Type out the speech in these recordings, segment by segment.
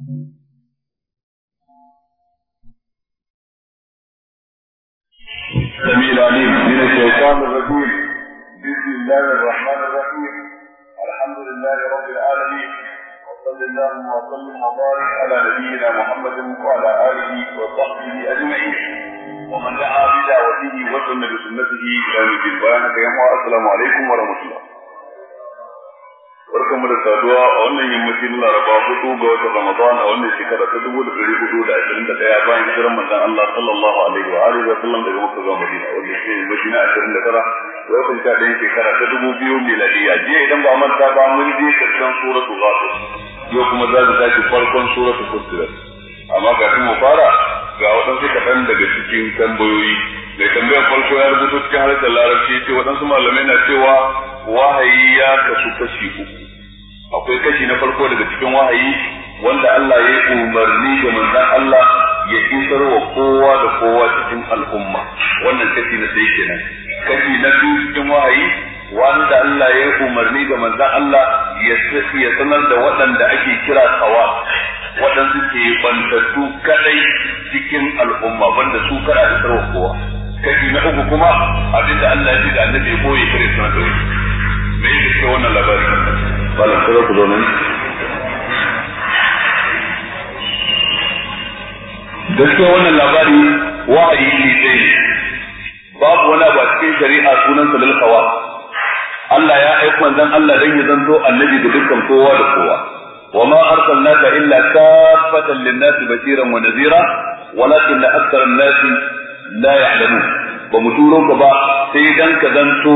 سميع العليم من الشيطان الرجيم بسم الله الرحمن الرحيم الحمد لله رب العالمين وصل اللهم وسلم وبارك على نبينا محمد وعلى اله وصحبه اجمعين ومن دعا بدعوته وسن بسنته الى يوم الدين السلام عليكم ورحمه الله kuma mu da saduwa a wannan yammacin laraba hudu ga wata ramadan a wannan shekara ta dubu da ɗari hudu da ashirin da ɗaya bayan hijiran manzon Allah sallallahu alaihi wa alihi wa sallam daga Makka zuwa Madina wanda shi ne Madina ashirin da tara watan ta ɗaya shekara ta dubu biyu miladiya jiya idan ba manta ba mun je karshen suratu ghafir yau kuma za mu tashi farkon suratu fussilat amma kafin mu fara ga waɗansu kaɗan daga cikin tambayoyi mai tambayar farko ya rubuta cikin harshen larabci ce waɗansu malamai na cewa wahayi ya kasu kashi uku akwai kashi na farko daga cikin wahayi wanda Allah ya umarni ga manzon Allah ya isar wa kowa da kowa cikin al'umma wannan kashi na sai kenan kashi na biyu cikin wahayi wanda Allah ya umarni ga manzon Allah ya sanar da waɗanda ake kira tsawa waɗansu ke bantattu kadai cikin al'umma wanda su kada isar wa kowa kashi na uku kuma abinda Allah ya ce da annabi ya koyi kare sanar me ya gaske wannan labari malam ko za ku zo nan gaske wannan labari wa'ayi ne dai babu wani ba cikin shari'a sunan sa lalkawa Allah ya aiki manzon Allah dan ya zanto annabi ga dukkan kowa da kowa وما أرسلناك إلا كافة للناس بشيرا ونذيرا ولكن أكثر الناس لا يعلمون ba mu turo ka ba sai dan ka zanto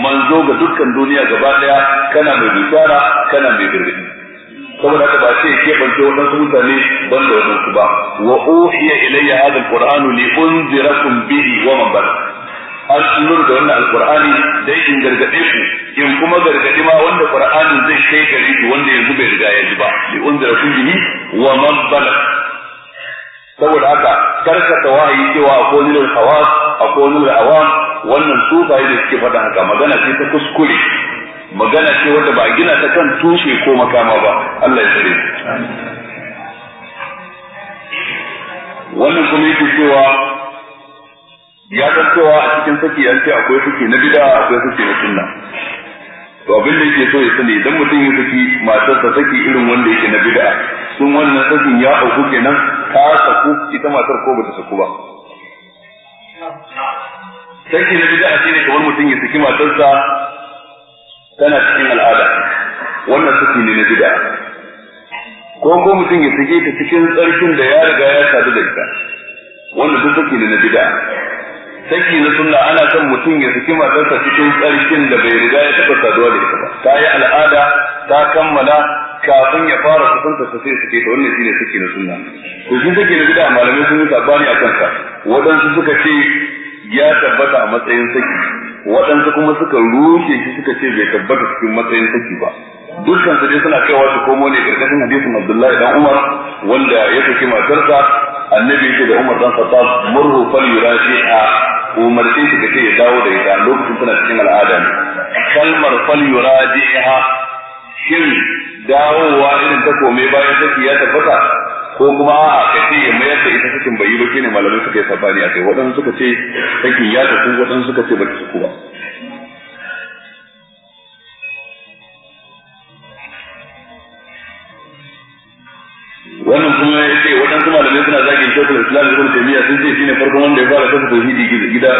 manzo ga dukkan duniya gaba daya kana mai bishara kana mai gargadi saboda haka ba sai ke bance wannan mutane ban da waɗansu ba wa uhiya ilayya hadha alquran li unzirakum bihi wa man bala an lura da wannan alqur'ani dai in gargade ku in kuma gargadi ma wanda qur'anin zai kai gari wanda yanzu bai riga ya ji ba li unzirakum bihi wa man bala saboda haka karkata wahayi cewa a kolin hawas a kolin awam wannan sufaye da suke faɗa haka magana ce ta kuskure magana ce wadda ba gina ta kan tushe ko makama ba Allah ya tsare wannan kuma yake cewa ya san cewa a cikin saki an ce akwai saki na bid'a akwai saki na sunna to abin da yake so ya sani idan mutum ya saki matarsa saki irin wanda yake na bid'a sun wannan sakin ya auku kenan ta saku ita matar ko bata saku ba saki na bid'a shine kamar mutum ya saki matarsa tana cikin al'ada wannan saki ne na bid'a ko ko mutum ya saki ta cikin tsarkin da ya riga ya sadu da ita wannan duk saki ne na bid'a saki na sunna ana son mutum ya saki matarsa cikin tsarkin da bai riga ya taɓa saduwa da ita ba ta yi al'ada ta kammala kafin ya fara kusanta su sai suke ta wannan shine suke na sunna to shi suke na bid'a malamai sun yi sabani a kansa waɗansu suka ce ya tabbata a matsayin saki waɗansu kuma suka rushe shi suka ce bai tabbata cikin matsayin saki ba dukkan su dai suna kaiwa su komo ne karkashin hadisin Abdullahi dan Umar wanda ya saki matarsa annabi yake da Umar dan Khattab murhu fal yurashiha umarce shi da ke ya dawo da ita lokacin tana cikin al'ada ne kalmar fal yurashiha shin dawowa irin ta kome bayan saki ya tabbata ko kuma a kace ya mayar da ita sakin bai yi ba shine malamai suka yi sabani kai waɗansu suka ce sakin ya tafi waɗansu suka ce ba ta ba wannan kuma ya ce waɗansu malamai suna zagin shekul islam ibn taymiya sun ce shine farkon wanda ya fara saka tauhidi gida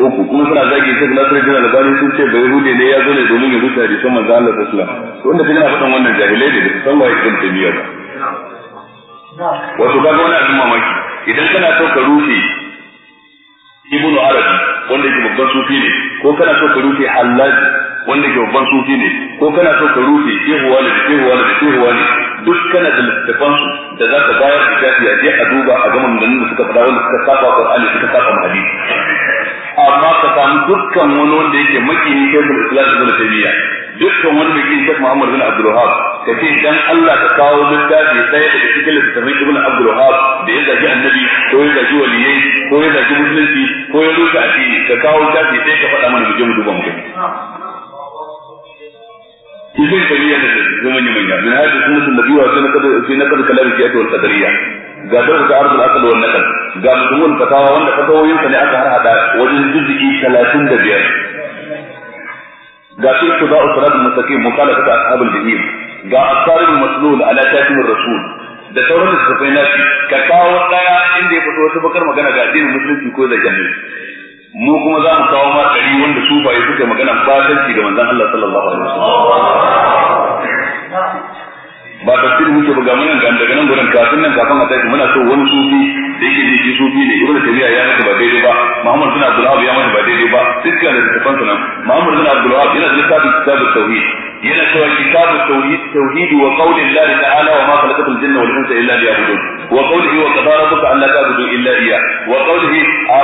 uku kuma suna zagi shi na sai jira albani sun ce bai hude ne ya zo ne domin ya huta da sama da Allah sallam to wanda kina faɗan wannan jahilai da da san waye kin tabiya ba wato kaga wani abin mamaki idan kana so ka rufe ibnu arabi wanda yake babban sufi ne ko kana so ka rufe hallaj wanda yake babban sufi ne ko kana so ka rufe shehu wani da shehu wani da shehu wani duk kana da littafan su da za ka bayar da shafi a je a duba a gama maganganun da suka faɗa wanda suka saba qur'ani suka saba hadisi amma ka samu dukkan wani wanda yake makiyin shekul islam da taymiya dukkan wanda yake shek Muhammad bin Abdul Wahhab ka ce dan Allah ka kawo littafi sai daga cikin littafin Ibn Abdul Wahhab da ya zagi Annabi ko ya zagi waliyai ko ya zagi musulunci ko ya rusa addini ka kawo littafi sai ka faɗa mana bijin duban mu Ibn Taymiyyah da zaman yamanya min hadis sunnah Nabi wa sunnah kadar fi nakal kalam jiyat wal qadariyah ga darbu ta arzul asal wal nakal ga mutumin fatawa wanda fatawoyinsa ne aka har hada wajen juz'i 35 ga sai ku za'u siratul mustaqim ta ashabul jahim ga asarin maslul ala tatimir rasul da sauran da suka na shi ka kawo daya inda ya fito wata bakar magana ga addinin musulunci ko da jami'i mu kuma za mu kawo ma dari wanda su ba suka magana ba tanci da manzon Allah sallallahu alaihi wasallam ba tafsir muke ba ga munan ga daga nan gurin kafin nan kafin a tashi muna so wani sufi da yake jiki sufi ne ibnu tabiya ya mata ba daidai ba muhammad bin ya mata ba daidai ba dukkan da tafan nan muhammad bin yana da kitabun kitabu tauhid yana cewa kitabu tauhid tauhid wa qaulillahi ta'ala wa ma khalaqatul jinna wal insa illa liya'budun وقوله وقضى ربك الا تعبدوا الا اياه وقوله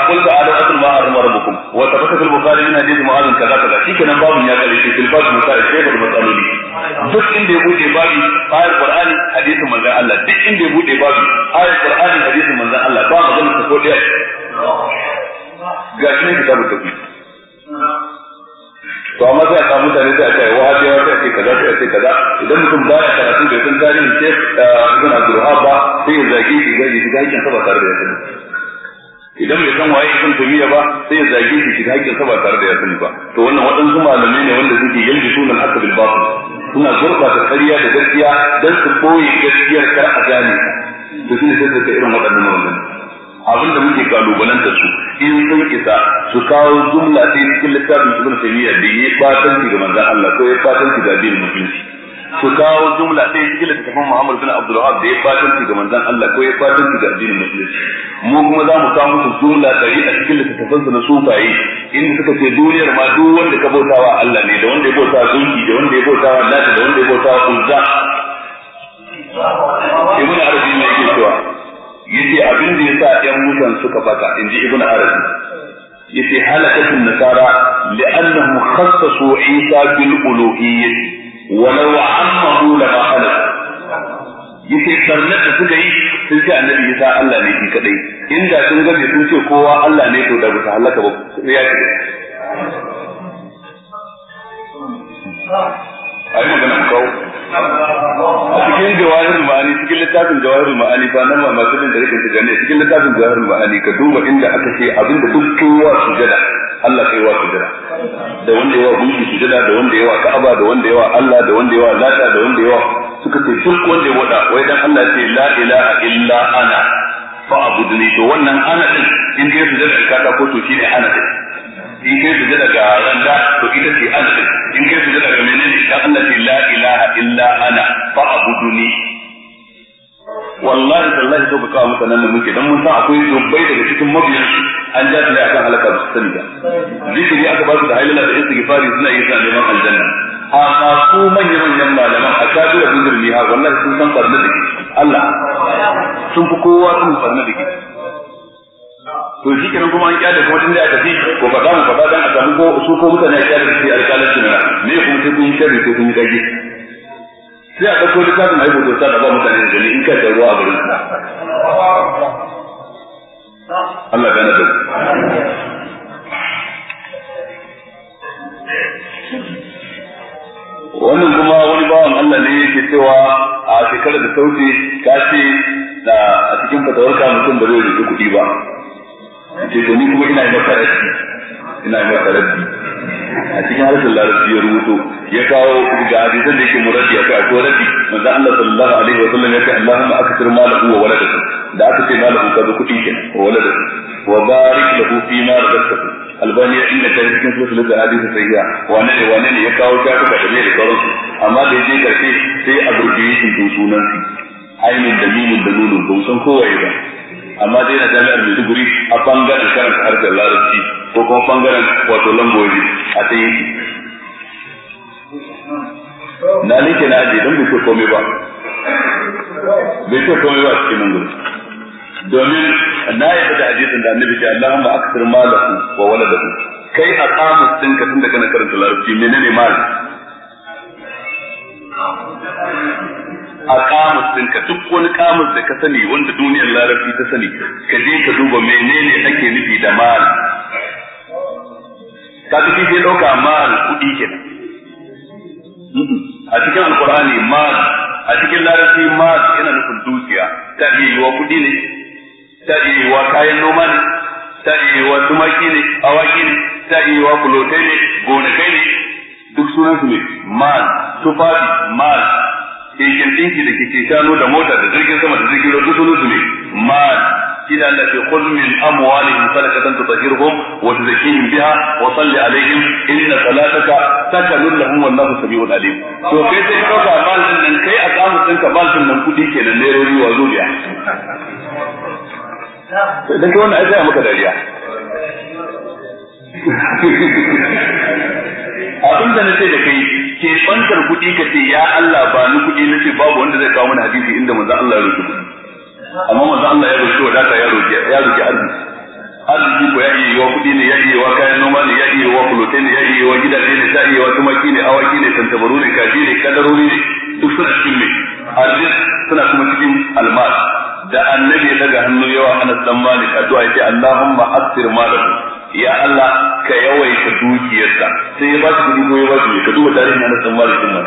قل تعالوا اتل ما حرم ربكم وثبت في البخاري من حديث معاذ كذا كذا شيء كان باب يا قال في الباب المسائل كيف المسالوني duk inda ya buɗe babi ayar qur'ani hadisin manzon Allah duk inda ya bude babu ayar qur'ani hadisin manzon Allah ba ga ta ko daya ga shi ne kitabu tauhid to amma sai a samu mutane sai a wa hadiya sai a da kaza sai a ce kaza idan mutum ba ya karatu da san tarihi sai eh, ibn Abdul Wahhab ba sai zaki da shi da yake ga tare da ya idan bai san waye ibn tamiya ba sai ya zage shi shiga hakkin sa ba tare da ya sani ba to wannan waɗansu malamai ne wanda suke yanke sunan haka bil batil suna gurbata ƙarya da gaskiya dan su boye gaskiyar kar a gane to shine sai suka irin waɗannan wannan abin da muke kalubalantar su in sun isa su kawo jumla ɗaya cikin littafin ibn tamiya da ya fatanci ga manzon Allah ko ya fatanci ga addinin musulunci ku kawo jumla ɗaya cikin littattafan Muhammad bin Abdul Wahab da ya fatanci ga manzon Allah ko ya fatanci ga addinin Musulunci mu kuma za mu samu musu jumla ɗari a cikin littattafan su na sufaye inda suka ce duniyar ma duk wanda ka bautawa Allah ne da wanda ya bautawa gunki da wanda ya bautawa Lata da wanda ya bautawa Uzza Ibn Arabi ne yake cewa yace abin da yasa ɗan mutan suka bata inji Ibn Arabi yace halakatul nasara li'annahum khassasu Isa bil uluhiyyah walau ammahu la ma'ala yace barnar da suka yi sun ce annabi Isa Allah ne shi kadai inda sun ga sun ce kowa Allah ne to da ba su halaka ba ya ce ai magana mu kawo a cikin jawahirul ma'ani cikin littafin jawahirul ma'ani ba nan ma masu bin da rikin tijani cikin littafin jawahirul ma'ani ka duba inda aka ce abin da duk kowa su sujada Allah kai wa sujada da wanda yawa gunki sujada da wanda yawa Ka'aba da wanda yawa Allah da wanda yawa Lata da wanda yawa suka ce duk wanda ya wada wai dan Allah ce la ilaha illa ana fa abudni to wannan ana din in kai sujada ka ta ko to shine ana din in kai sujada ga randa to ita ce ana din in kai sujada ga menene ka Allah ce la ilaha illa ana fa abudni wallahi tallahi sai ka kawo mutanen nan muke dan mun san akwai dubbai daga cikin mabiyan an ja su ne akan halaka su sani ba zikiri aka ba su da hailala da istighfari suna yi sa neman aljanna amma su manya manyan malaman a kafi da gudun liha wallahi sun san farna da ke Allah sun fi kowa sun farna da ke to shi kenan kuma an kyale kuma tun da aka fi ko faɗa mu faɗa dan a samu ko su ko mutane a kyale su alƙalanci na ne kuma sai kun yi sharri ko kun yi kage sai a ɗauko littafin a yi hoto sa da ba mutane da gani in kai ka ruwa a garin sa Allah gane da wannan kuma wani bawan Allah ne yake cewa a shekarar da sauti ka ce da a cikin fatawarka mutum ba zai rubuta kuɗi ba ce to ni kuma ina yi maka rashi ina ga rabbi. a cikin harshen larabci ya rubuto ya kawo ga hadisan da yake muradi akai a rabbi. manzo Allah sallallahu alaihi wa sallam ya ce Allahumma akthir malahu wa waladahu da aka ce malahu ka zo kudi kenan wa waladahu wa barik lahu fi ma razaqtahu albani ya inda ta cikin sura da hadisi ya. Wani da wani ne ya kawo ta da da sauransu amma da yake karshe sai a gurbi shi sunan ainin da minin da nunu ba san ya ba amma dai na jami'ar Maiduguri a bangaren karanta harkar larabci ko kuma bangaren wato lambobi a ta yi. na nike na aji don bai komai ba bai komai ba cikin nan domin na yi da hadisin da annabi ce Allahumma akthir malahu wa waladahu kai a kamus ɗinka tun da na karanta larabci menene mal a kamus ɗinka duk wani kamus da ka sani wanda duniyar larabci ta sani ka je ka duba menene ake nufi da mal ka tafi kife ɗauka mal kuɗi kenan mm-hmm. a cikin alkur'ani mal a cikin larabci mal yana nufin dukiya ta iya yiwa kuɗi ne ta iya yiwa kayan noma ne ta iya yiwa tumaki ne awaki ne ta iya yiwa kulotai ne gonakai ne duk sunan su ne mal tufafi mal keken ɗinki da keke shanu da mota da jirgin sama da jirgin ruwa dukkan su ne mal kila Allah ke khudh min amwalihim sadaqatan tutahhiruhum wa tuzakkihim biha wa salli alaihim inna salataka sakanun lahum wallahu samiul alim to kai sai ka ga mal din nan kai a kamu din ka mal din nan kudi kenan ne rori wa zuciya dan kai wannan ai sai maka dariya abin da nace da kai ke bantar kuɗi ka ce ya Allah ba ni kuɗi nace babu wanda zai kawo mana hadisi inda manzo Allah ya roki amma manzo Allah ya roki wadata ya roki ya roki arziki arziki ko ya iya wa kuɗi ne ya iya wa kayan noma ne ya iya yiwa kulote ne ya iya wa gidaje ne ta iya yiwa tumaki ne awaki ne tantabaru ne kaji ne kadarori ne duk suna cikin mai arzik suna kuma cikin almas. da annabi ya daga hannu yawa ana dan malik addu'a yake allahumma asir malahu ya allah ka yawaita dukiyarsa sai ya ba shi kuɗi ko ya ba shi ka duba tarihin ana dan malik din nan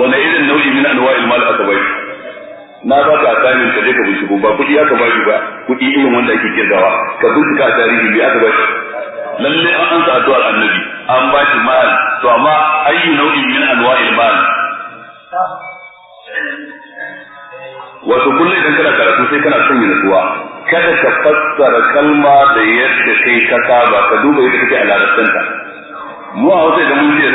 wani irin nau'i min anwa'il mal aka na ba ka tsamin ka je ka binciko ba kuɗi aka ba shi ba kuɗi irin wanda ake kirgawa ka bincika a tarihi bi aka ba shi lalle an an sa addu'ar annabi an ba shi ma'al to amma ayyu nau'in min anwa'il ma'al wato kullum idan kana karatu sai kana son nutsuwa kada ka fassara kalma da yadda kai ka saba ka duba yadda kake a mu a wasu idan mun ce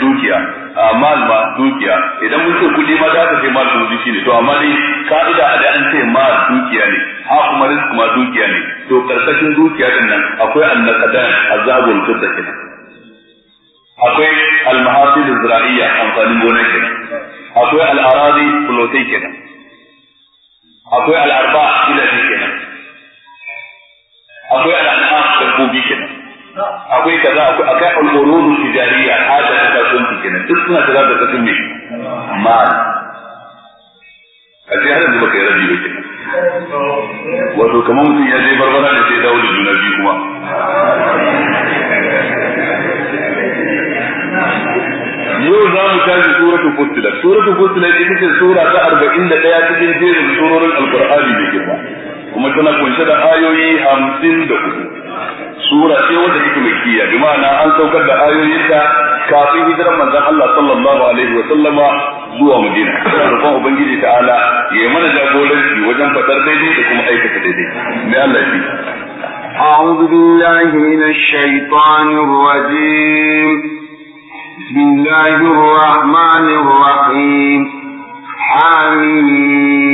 dukiya a mal ma dukiya idan mun ce kuɗi ma za ka ce mal shi shine to amma dai ka'ida a da an ce ma dukiya ne ha kuma rizq ma dukiya ne to karkashin dukiya din nan akwai annaqadan azabul fidda kenan akwai al-mahasil zira'iyya amfanin gona kenan akwai al-aradi fulotai kenan akwai al-arba ila kenan akwai al-anham dabbobi kenan akwai kaza akwai akai al urudu tijariya hada ta kasuwanci kenan duk suna kaza da kasan ne ma a ce hadin da baka yi rabi ba kenan wato kamar mutum ya je barbara da sai dawo da juna biyu kuma yau za mu tashi suratu fustila Suratu fustila ita ce sura ta 41 cikin jerin surorin alqur'ani da girma kuma tana kunshe da ayoyi 54 sura ce wanda take makkiya bi ma'ana an saukar da ayoyinta kafin hijiran manzon Allah sallallahu alaihi wa sallama zuwa Madina roƙon ubangiji ta'ala ya mana jagoranci wajen fadar daidai da kuma aikata daidai mai Allah shi أعوذ بالله من الشيطان الرجيم بسم الله الرحمن الرحيم حميم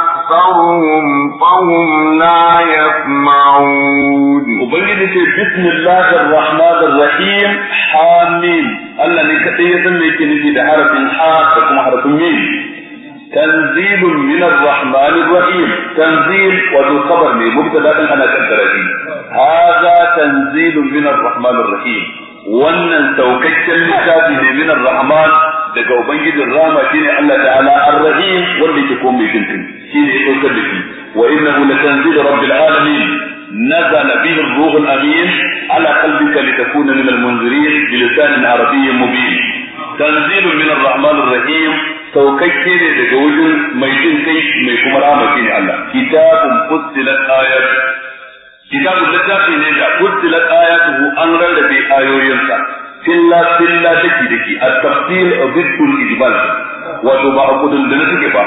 أكثرهم فهم لا يسمعون وبنجد في بسم الله الرحمن الرحيم حامين الله نكتية ميكي نجد حرف حاق كما حرف مين تنزيل من الرحمن الرحيم تنزيل وذو خبر لي مبتدا انا كنت هذا تنزيل من الرحمن الرحيم wannan saukakken littafi ne min ar rahman daga ubangijin rahma shine Allah ta'ala ar-rahim wanda yake komai jin kai shine ya saukar da shi wa innahu latanzil rabbil alamin نزل به الروح الامين على قلبك لتكون من المنذرين بلسان عربي مبين تنزيل من الرحمن الرحيم saukakke ne daga wajen mai jin kai mai kuma rahama shine Allah kitabun fussilat ayatu kitabun littafi ne da fussilat ayatuhu an rarrabe ayoyinsa filla filla take dake a tafsil bisul ijbal wato ba a kudin da suke ba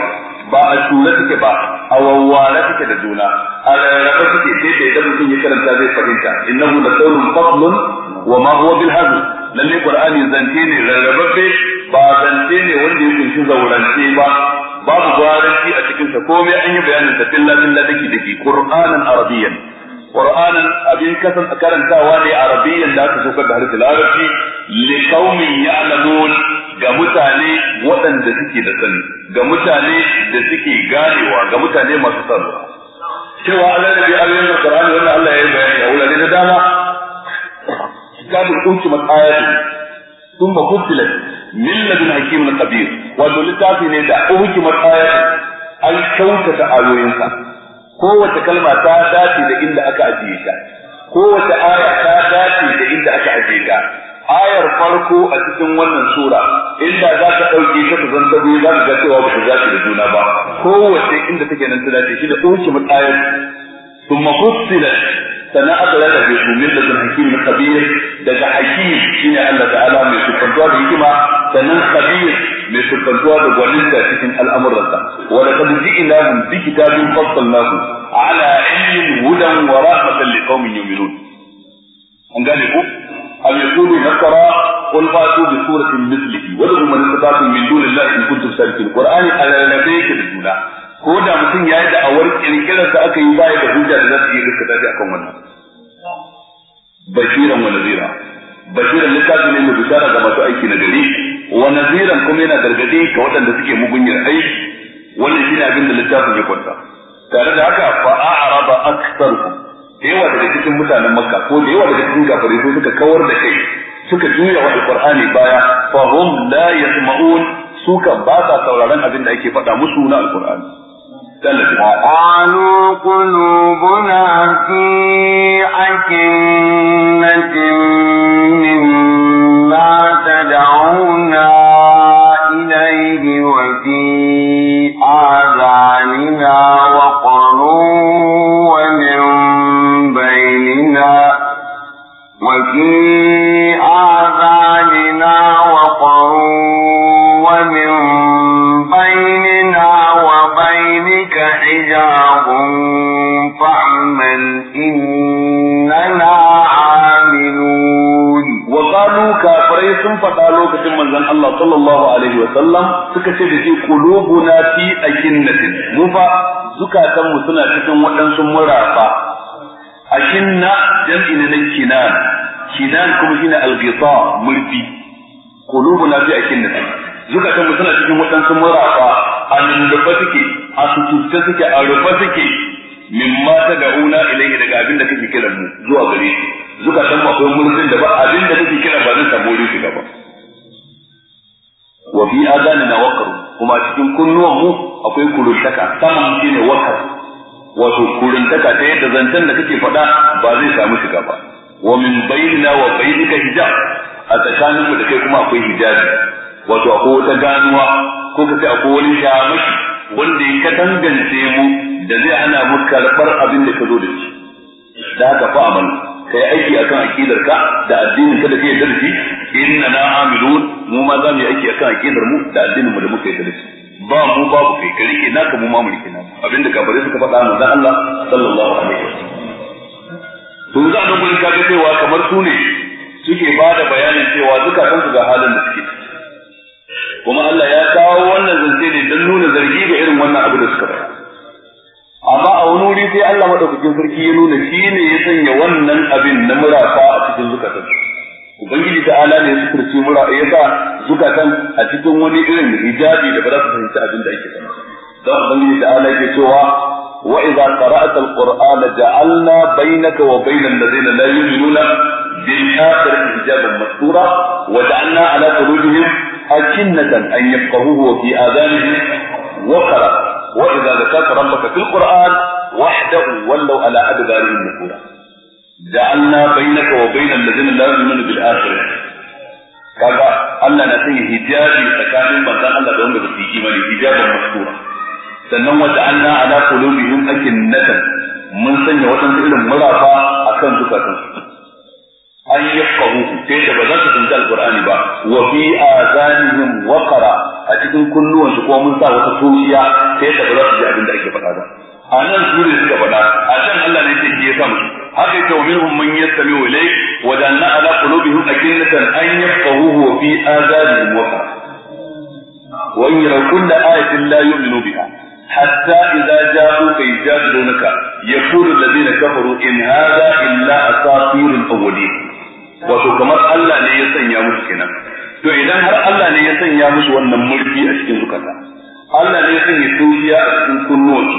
ba a tura suke ba a wawware suke da juna a rarrabe suke sai da idan mutum ya karanta zai fahimta innahu la qawlun fadlun wa ma huwa bil hazl lalle qur'ani zance ne rarrabe ba zance ne wanda ya kunshi zaurance ba babu gwaranci a cikin sa komai an yi bayanin sa filla filla dake dake qur'anan arabiyyan qur'anan abin kasan karantawa ne arabiyyan da aka saukar da harshen larabci li qaumin ya'lamun ga mutane waɗanda suke da sani ga mutane da suke ganewa ga mutane masu sarwa cewa Allah da bi ayoyin Qur'ani wanda Allah ya yi bayani a wurare da dama kadu uki masayatu thumma kutilat min ladun hakimin kabir wato littafi ne da uki masayatu an kyautata ayoyinsa kowace kalma ta dace da inda aka ajiye ta kowace aya ta dace da inda aka ajiye ta ayar farko a cikin wannan sura inda za ka ɗauke ta ta zanta biyu za ka ga cewa ba ta dace da juna ba kowace inda take nan ta dace shi da ɗauki ayar ثم فصلت سنة أقلت في حكومين الحكيم الخبير دجا حكيم إن ألا تعالى من سبحانه بيكما سنة الخبير من سبحانه بوالنسة تكن الأمر لك ولقد جئناهم بكتاب فصلناه على علم هدى ورحمة لقوم يؤمنون أن قالوا أم يقول نصرا قل فاتوا بسورة مثله ولو من كتاب من دون الله إن كنتم سالكين القرآن على نبيك الدولة ko da mutum ya yi da'awar kirkirar da aka yi baya da hujja da za su yi gaskata shi akan wannan bashiran wa nazira bashiran littafi ne mai bishara ga masu aiki na gari wa naziran kuma yana gargade ga waɗanda suke mugunyar aiki wannan shi ne abin da littafin ya kwanta tare da haka fa a'raba aksar ku. da yawa daga cikin mutanen makka ko da yawa daga cikin kafirai ko suka kawar da kai suka juya wa alqur'ani baya fa hum la yasma'un suka ba sa sauraron abin da ake faɗa musu na alqur'ani السلف قلوبنا في أكنة مما تدعونا إليه وفي آذاننا وقر ومن بيننا وفي آذاننا حجاب فاعمل إننا عاملون وقالوا كافرين ثم فتالوا كتما زن الله صلى الله عليه وسلم سكتب في قلوبنا في أكنة مفا زكاة مسنة تكون وأنس مرافة أكنة جمع للكنان كنان كما هنا الغطاء مرفي قلوبنا في أكنة زكاة مسنة تكون وأنس مرافة a lullube suke a suke a rufe suke mimma ta una ilayhi daga abin da kake kiran mu zuwa gare shi san mu akwai murfin da ba abin da kake kira ba zan samu wurin shiga ba wa fi na waqru kuma cikin kunnuwan mu akwai kuruntaka saman shine waqar wato kuruntaka ta yadda zancen da kake faɗa ba zai samu shiga ba wa min bainina wa bainika hijab a tsakaninmu da kai kuma akwai hijabi wato akwai wata ganuwa ko ka ce akwai wani shamaki wanda ya dangance mu da zai hana mu karɓar abin da ka zo da shi da haka fa amal kai aiki akan aqidar ka da addinin ka da kai da shi inna na amilun mu ma za mu yi aiki akan aqidar mu da addinin mu da muke da shi ba mu babu kai ka rike naka mu ma mu rike naka abinda su ka faɗa dan Allah sallallahu alaihi wasallam to za a nan ka ga cewa kamar su ne suke ba da bayanin cewa zukatansu su ga halin da suke kuma Allah ya kawo wannan zance ne don nuna zargi ga irin wannan abu da suka bayar amma a wani wuri sai Allah madaukakin sarki ya nuna shi ne ya sanya wannan abin na murafa a cikin zukatan ubangiji ta ala ne su sukurci mura ya sa zukatan a cikin wani irin hijabi da ba za su fahimci abin da ake sama don ubangiji ta ala ke cewa wa idza qara'ta al-qur'ana ja'alna bainaka wa bainal ladzina la yu'minuna bil akhirati hijaban mastura wa ja'alna ala qulubihim أجنة أن يفقهوه في آذانه وقرا وإذا ذكرت ربك في القرآن وحده ولوا على أدبارهم نفورا جعلنا بينك وبين الذين لا يؤمنون بالآخرة كذا أن نسي هجاب سكان ما كان الله دون في إيمان هجابا مشكورا سنوى جعلنا على قلوبهم أجنة من سنة وتنزل المرافع أكن تكاتنسي an yafqahu sai da ba za su tunta alqur'ani ba wa fi azanihim waqara a cikin kunnuwansu ko mun sa wata toshiya sai da ba za su ji abin da ake faɗa ba a nan sure suka faɗa a can Allah ne yake ya sa musu haka yake wa minhum man yastami'u ilayk wa janna ala qulubihim akinatan an yafqahuhu wa fi azanihim waqara wa in yaraw kulla ayatin la yu'minu biha حتى إذا جاءوك يجادلونك يقول الذين كفروا إن هذا إلا أساطير الأولين wato kamar Allah ne ya sanya musu kenan to idan har Allah ne ya sanya musu wannan mulki a cikin zukata Allah ne ya sanya turiya a cikin kunnuwansu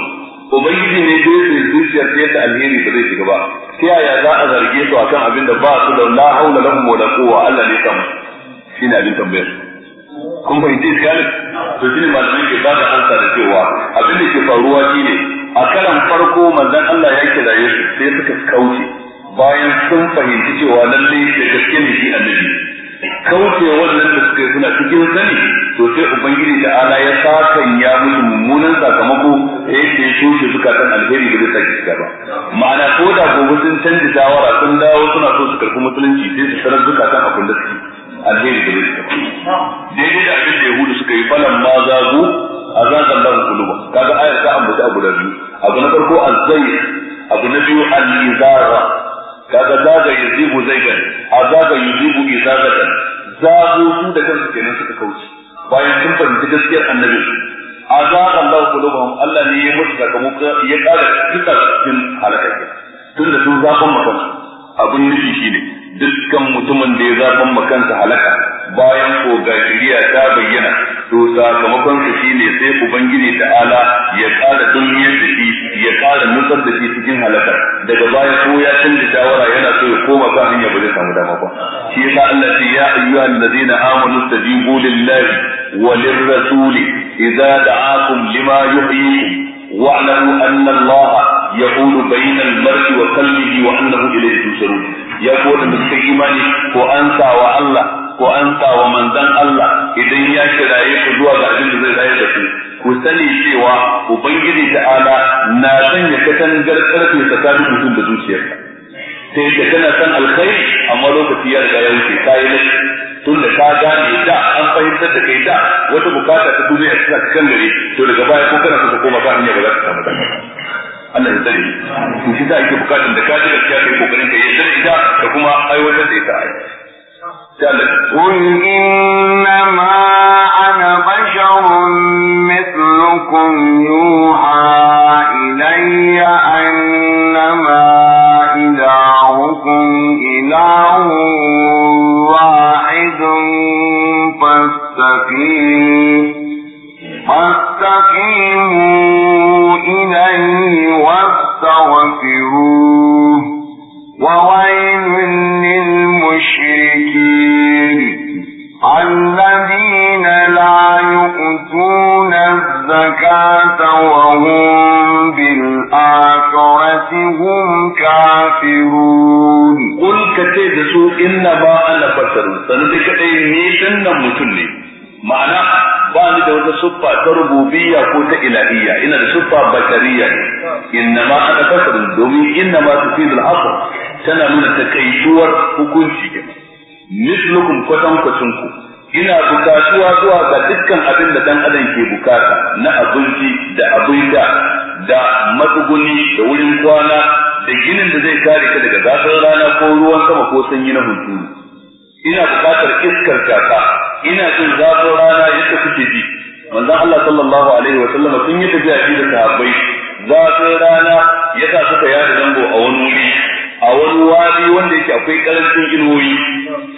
ubangiji ne dole yake zuciyar ta yadda alheri ba zai shiga ba ta yaya za a zarge su akan abin da ba su da la haula lahum la quwwa Allah ne ya Shi ne abin tambayar kun fahimci iskalin to shine malamai ke ba da ansa da cewa abin da ke faruwa shine a karan farko manzon Allah ya kira Yesu sai suka kauce bayan sun fahimci cewa lalle da gaske ne shi annabi kauce wannan da suka suna cikin sani to sai ubangiji da ala ya sakan ya musu mummunan sakamako ya yi su ke suka san alheri da zai sa ba ma'ana ko da gobe sun canza shawara sun dawo suna so su karɓi musulunci sai su sanar suka san abin da suke alheri da zai sake daidai da abin da yahudu suka yi falan ma zagu a zagan da kuluba kaga ayar ta ambata abu da biyu abu na farko azzai abu na biyu al-izara kaga zaga yazibu zaigan azaga yuzibu izagatan zago su da kansu kenan suka kauce bayan sun fahimci gaskiyar annabi azaga Allah qulubuhum Allah ne ya mutu sakamako ya kada kisa cikin halakake tun da sun zaban makansu abin nufi shine dukkan mutumin da ya zaban makansa halaka bayan ko gajiriya ta bayyana to sakamakon su shine sai ubangiji ta'ala ya kara duniyar da shi ya kara nutsar da shi cikin halaka daga baya ko ya canza shawara yana so ya koma ba hanya ba zai samu dama ba shi yasa Allah ce ya ayyuhal ladina amanu tajibu lillahi wa lirrasuli idza da'akum lima yuhyikum واعلموا أن الله يقول بين المرء وقلبه وأنه إليه تبصرون يقول من إيماني وأنت والله ko an sa wa manzan Allah idan ya kiraye ku zuwa ga abin da zai rayu da ku ku sani cewa ubangiji ta'ala na sanya katangar karfe tsakanin mutum da zuciyarka. ta yadda tana san alkhairi amma lokaci ya riga ya wuce ta yi lafi tun da ka gane da an fahimtar da kai da wata bukata ta duniya ta sa kan gare to daga baya ko kana so ka koma ka hanya ba za ka samu da Allah ya tsare to shi da ake bukatun da ka ji da kai kokarin ka yadda ita da kuma aiwatar da ita ai قل إنما أنا بشر مثلكم يوحى فاستقيموا إليه واستغفروه وويل للمشركين الذين لا يؤتون الزكاة وهم بالآخرة هم كافرون قل كتير سوء إنما أنا بشر سندك أي ma'ana ba ni da wata suffa ta rububiyya ko ta ilahiyya ina da suffa batariya. inna ma ana kasar domin inna ma su fidul asr tana nuna takaituwar hukunci ne mislukum kwatan kwacin ku ina bukatuwa zuwa ga dukkan abin da dan adam ke bukata na abinci da abin da da matsuguni da wurin kwana da ginin da zai kare ka daga zafin rana ko ruwan sama ko sanyi na hunturu ina buƙatar iskar jaka. ina jin zafin rana yadda kuke ji manzon Allah sallallahu alaihi wa sallam sun yi tafiya shi da sahabbai zafin rana yasa suka yada zango a wani wuri a wani wadi wanda yake akwai karancin inuwoyi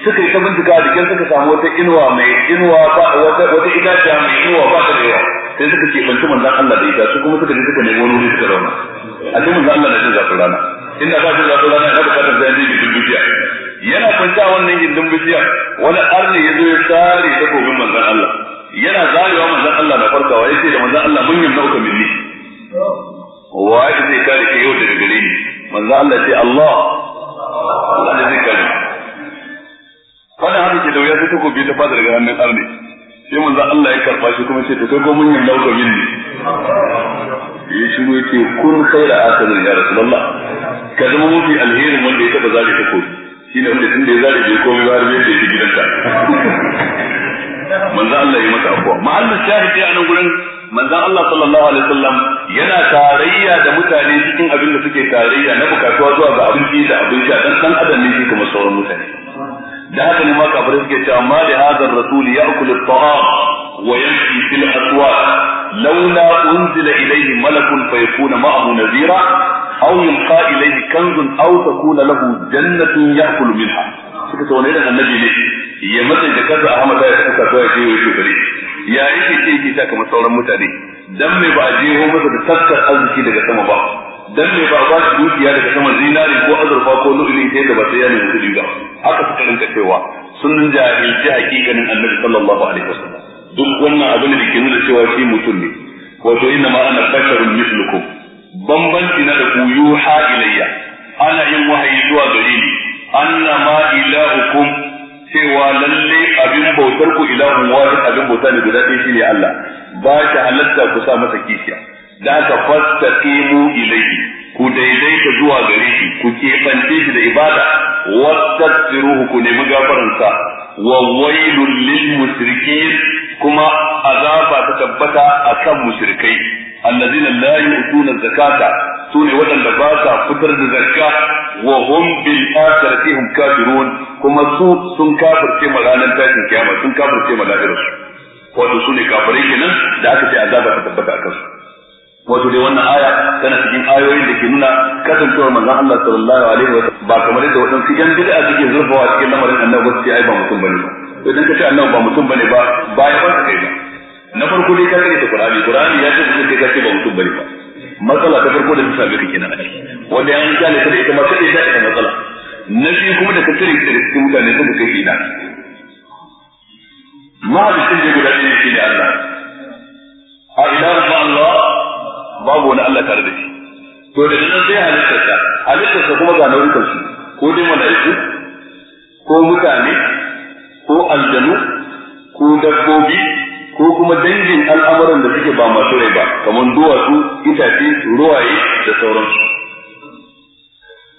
suka yi ta bincika a jikin suka samu wata inuwa mai inuwa ba wata wata itaciya mai inuwa ba ta da sai suka ce banci manzon Allah da ita su kuma suka je suka nemi wani wuri suka zauna a cikin manzon Allah da jin zafin rana inda ba jin zafin rana ya buƙatar zai yi dukiya yana kwanta wannan gindin bishiyar. wani arni ya zo ya sare ta gobin manzon Allah yana zarewa manzan Allah da farkawa ya ce da manzan Allah mun yi nauka minni wa ya zai kare ka yau daga gare ni manzon Allah ce Allah Allah ne zai kare wannan hadu ke da wuya sai ta gobe ta fada daga hannun arni sai manzan Allah ya karba shi kuma ce to kai ko mun yi nauka minni ya shiru ya ce kun kai da akarin ya rasulullah ka zama mafi alherin wanda ya taba zare ta kofi shi ne wanda tunda ya zare bai komai ba har bai da gidanta. manzo Allah ya masa afuwa mahallin shahidi a nan gurin manzon Allah sallallahu alaihi wasallam yana tarayya da mutane cikin abin da suke tarayya na bukatuwa zuwa ga abinci da abin sha dan san adam ne kamar sauran mutane da haka ne ma kafirai suke cewa ma li hadha ar-rasul ya'kulu at-ta'am wa yamshi fil aswaq لولا أنزل إليه ملك فيكون معه نذيرا أو يلقى إليه كنز أو تكون له جنة يأكل منها suka ce wani irin annabi ne ya matsayi da kansa a hamada ya suka zuwa ya kewaye shugare ya yi yake ce yake ta kamar sauran mutane dan mai ba a jeho masa da tattar arziki daga sama ba dan mai ba a ba dukiya daga sama zinari ko azurfa ko lu'uli ta yadda ba sai ya nemi kuɗi ba haka suka rinka cewa sun jahilci ganin annabi sallallahu alaihi wasallam duk wannan abin da ke nuna cewa shi mutum ne wato inna ma ana basharun mislukum bambanci na da ku yuha ilayya ana yin wahayi zuwa gare ni anna ma ilahukum cewa lalle abin bautar ku ilahun wani abin bauta ne guda ɗaya shine Allah ba shi halatta ku sa masa kishiya da aka kimu ilayhi ku daidaita zuwa gare shi ku keɓance shi da ibada tsiruhu ku nemi gafaransa wa wailun lil musrikin kuma azaba ta tabbata a akan mushrikai allazina la yu'tuna zakata ne waɗanda ba sa fitar da zakka wa hum bil akhirati hum kafirun kuma su sun kafirce ma ranar tashin kiyama sun kafirce ma lahirarsu wato ne kafirai kenan da aka ce azaba ta tabbata akan su wato dai wannan aya tana cikin ayoyin da ke nuna kasancewar manzon Allah sallallahu alaihi wa ba kamar yadda waɗansu yan bid'a suke zurfawa cikin lamarin annabi ba su ce ai ba mutum bane ba to idan ka ce annabi ba mutum bane ba ya ba kai ba na farko dai ka kare ta qur'ani qur'ani ya ce mutum kai ka ba mutum bane ba matsala ta farko da ta same ka kenan wanda ya yan kyale ta ita ma sai ta ita matsala na shi kuma da kake kare da cikin mutane sun kai ina ma da guda ɗaya shi ne Allah a ina rufa Allah babu wani Allah tare da shi to da nan sai halitta halitta kuma ga nau'ikan su ko dai mala'iku ko mutane ko aljanu ko dabbobi ko kuma dangin al'amuran da suke ba masu rai ba kamar duwatsu itace ruwaye da sauransu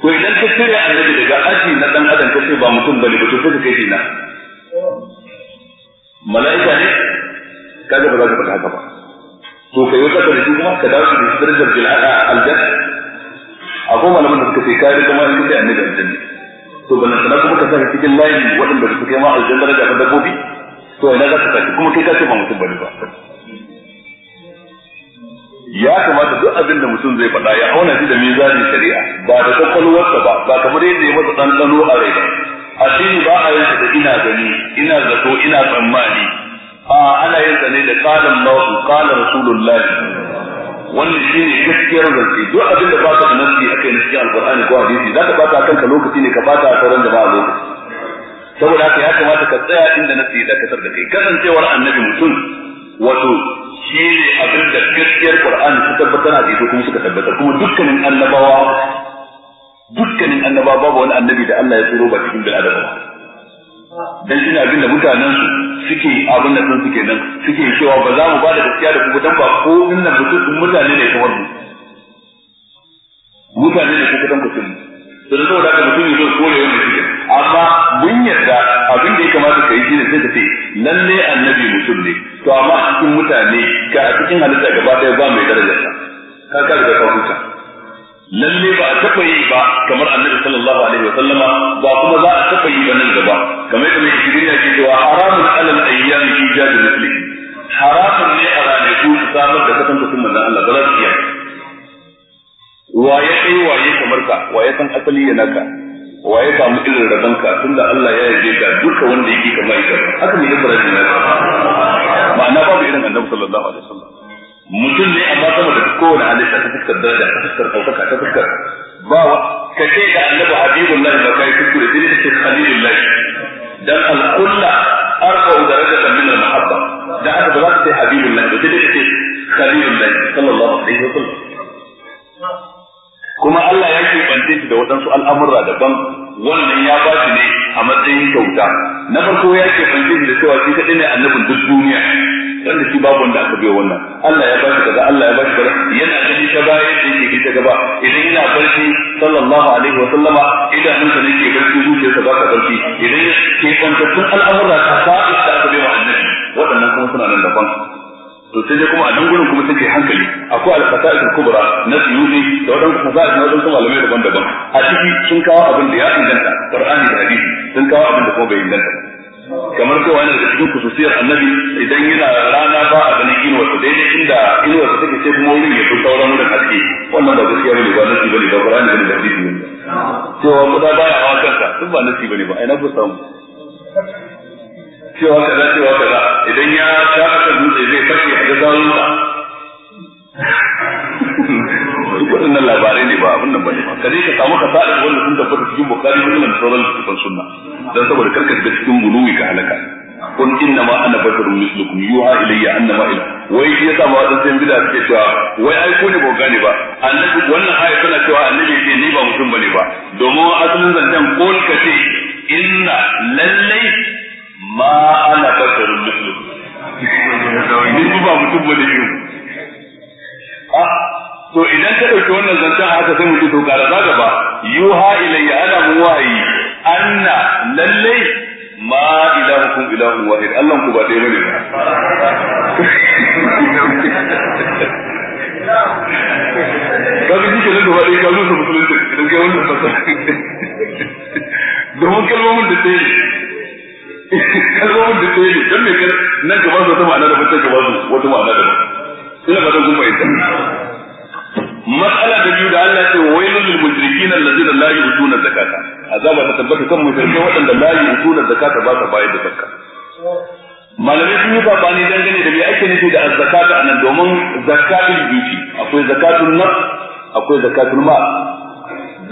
to idan ka cire annabi daga aji na dan adam ce ba mutum bane ba to sai ka kai na mala'ika ne kaga ba za ka faɗa haka ba to kai wata da shi kuma ka dawo da darajar jil'a aljanna akwai malaman da suka ce kai kuma in kai annabi aljanna to ba na kuma ka saka cikin layi waɗanda su kai ma aljanna da ga dabbobi to ina za ka saka kuma kai ka ce ba mutum bane ba ya kamata duk abin da mutum zai faɗa ya auna shi da mizanin shari'a ba da kwakwalwarsa ba ba kamar yadda ya masa ɗanɗano a rai ba addini ba a yanka da ina gani ina zato ina tsammani a ana yin ne da kalan mawu kalan rasulullahi wannan shi ne gaskiyar zance duk abin da ba ka nasi a kai na cikin alkur'ani ko hadisi za ka bata a kanka lokaci ne ka bata a sauran da ba a lokaci saboda haka ya kamata ka tsaya inda nasi ya dakatar da kai kasancewar annabi mutum wato shi ne abin da gaskiyar qur'ani ta tabbatar hadisi kuma suka tabbatar kuma dukkanin annabawa dukkanin annabawa babu wani annabi da Allah ya tsoro ba cikin bil adama dan shi abin da mutanen su suke abin da sun suke nan suke cewa ba za mu ba da gaskiya da kuma dan ba ko inna mutum mutane ne kamar mu mutane ne kuka dan kusin sai zo da mutum ne zai kore wanda suke amma mun yarda abin da ya kamata kai shi ne sai ka ce lalle annabi mutum ne to amma a cikin mutane ga a cikin halitta gaba daya ba mai darajarsa ka ka da ka huta lalle ba a taɓa yi ba kamar annabi sallallahu alaihi wa sallama ba kuma za a taɓa yi ba nan gaba kamar yadda mai shirin yake cewa haramun alal ayyam ijadu misli haramun ne a ranaku su samar da kasan kasan manzon Allah ba za su iya waye kai waye kamar ka waye san asali yana ka waye mu irin rabon ka tunda Allah ya yarda ka duka wanda yake kamar ka haka ne Ibrahim ma'ana babu irin annabi sallallahu alaihi wa sallam mutum ne amma sama da kowane halitta ta fuskar daraja ta fuskar ɗaukaka ta fuskar ba wa ka ce da annabi habibun habibullahi ba kai kuskure sai ka ce khalilullahi dan al-kulla da darajatan min al-mahabba da aka ba za ka ce habibullahi ba sai ka ce khalilullahi sallallahu alaihi wa sallam kuma Allah ya keɓance shi da waɗansu al'amurra daban wannan ya ba shi ne a matsayin kyauta na farko ya ke fanci da cewa shi kaɗai ne annabin duk duniya dan da shi babu wanda aka biyo wannan Allah ya ba shi kaza Allah ya ba shi kaza yana gani ta baya da yake ta gaba idan yana barci sallallahu alaihi wa sallama idanunsa ne ke barci zuciyarsa ba ta barci idan ke kwantattun al'amura ta sa'a da aka biyo annabi waɗannan kuma suna nan daban to sai dai kuma a nan gurin kuma take hankali akwai al-fasa'id al-kubra na suyuti da wadan fasa'id na wadan malamai daban-daban a ciki sun kawo abin da ya inganta qur'ani da hadisi sun kawo abin da kuma bai inganta kamar cewa yana da cikin kususiyar annabi idan yana rana ba a ganin inuwarsa daidai inda inuwarsa take sai kuma wurin ya fi sauran wurin haske wannan ba gaskiya bane ba nasi bane ba qur'ani bane da hadisi ne cewa kuda baya hawa kanka duk ba nasi bane ba ai na ku samu cewa kaza cewa kaza idan ya sha aka dutse zai fashe a gazarunsa duk waɗannan labarai ne ba abin nan ba ne ba ka je ka samu ka sa'a da wanda sun tabbata cikin bukari musulman sauran littattafan sunna dan saboda karka shiga cikin guluwi ka halaka kun inna ma ana basharun mislukum yuha ilayya annama ila wai ya sa ma wadansu yan bida suke cewa wai ai ko ne ba gane ba annabi wannan aya tana cewa annabi ce ni ba mutum bane ba domin asalin zancen ko ka ce inna lallai ma ana basarun mislu ni ba mutum bane a ah, to idan ka dauki wannan zancen haka sai mutum to gara zaga ba yuha ilayya ana mun anna lalle ma ilahukum ilahu wahid Allah ku ba dai bane ba ka ji kenan da faɗi ka rusa musulunci da ke wannan fasara domin kalmomin da ta yi ka zo wanda ta yi don me kar nan ka ba su wata ma'ana daban sai ka ba su wata ma'ana daban ina fatan kun fahimta matsala da biyu da Allah ce wailul lil mujrikin allazina la yu'tuna zakata azaba ta tabbata kan mushrikai waɗanda la yu'tuna zakata ba ta bayar da zakka malamai sun yi babani dangane da me ake nufi da zakata anan domin zakatul duki akwai zakatun nafs akwai zakatul mal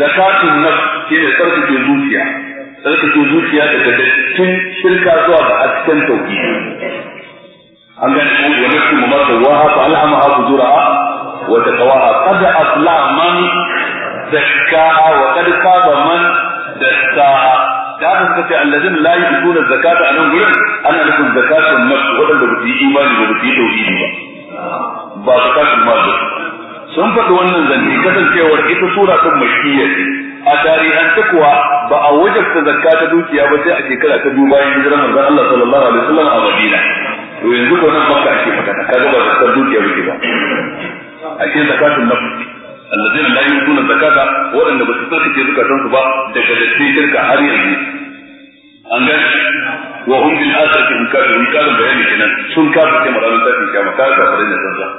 zakatun nafs shine tsarkake zuciya tsarkake zuciya da daga tun shirka zuwa ga cikin tauhidi an gane ko wa mu mumarta wa hafa alhamaha fujuraha wa ta taqwaha qad asla man zakkaha wa qad khaba man dassaha da haka suka ce allazin la yutuna zakata a nan gurin ana nufin zakatun nafsi wadanda ba su yi imani da su yi tauhidi ba ba zakatun ma sun faɗi wannan zance kasancewar ita sura ta mashiya ce a tarihanta ta kuwa ba a wajabta zakka ta dukiya ba sai a shekara ta biyu bayan hijirar manzon Allah sallallahu alaihi wasallam a Madina to yanzu ko nan makka ake magana ga ba zakkar dukiya ba ba ake zakatun nafsi allazina la yutuna zakata waɗanda ba su tsarkake su ba daga datti shirka har yanzu an ga wa hum bil asati hum kafirun kalan bayani kenan sun kafirce maranin tashin kiyama kaga kafirin da zanzan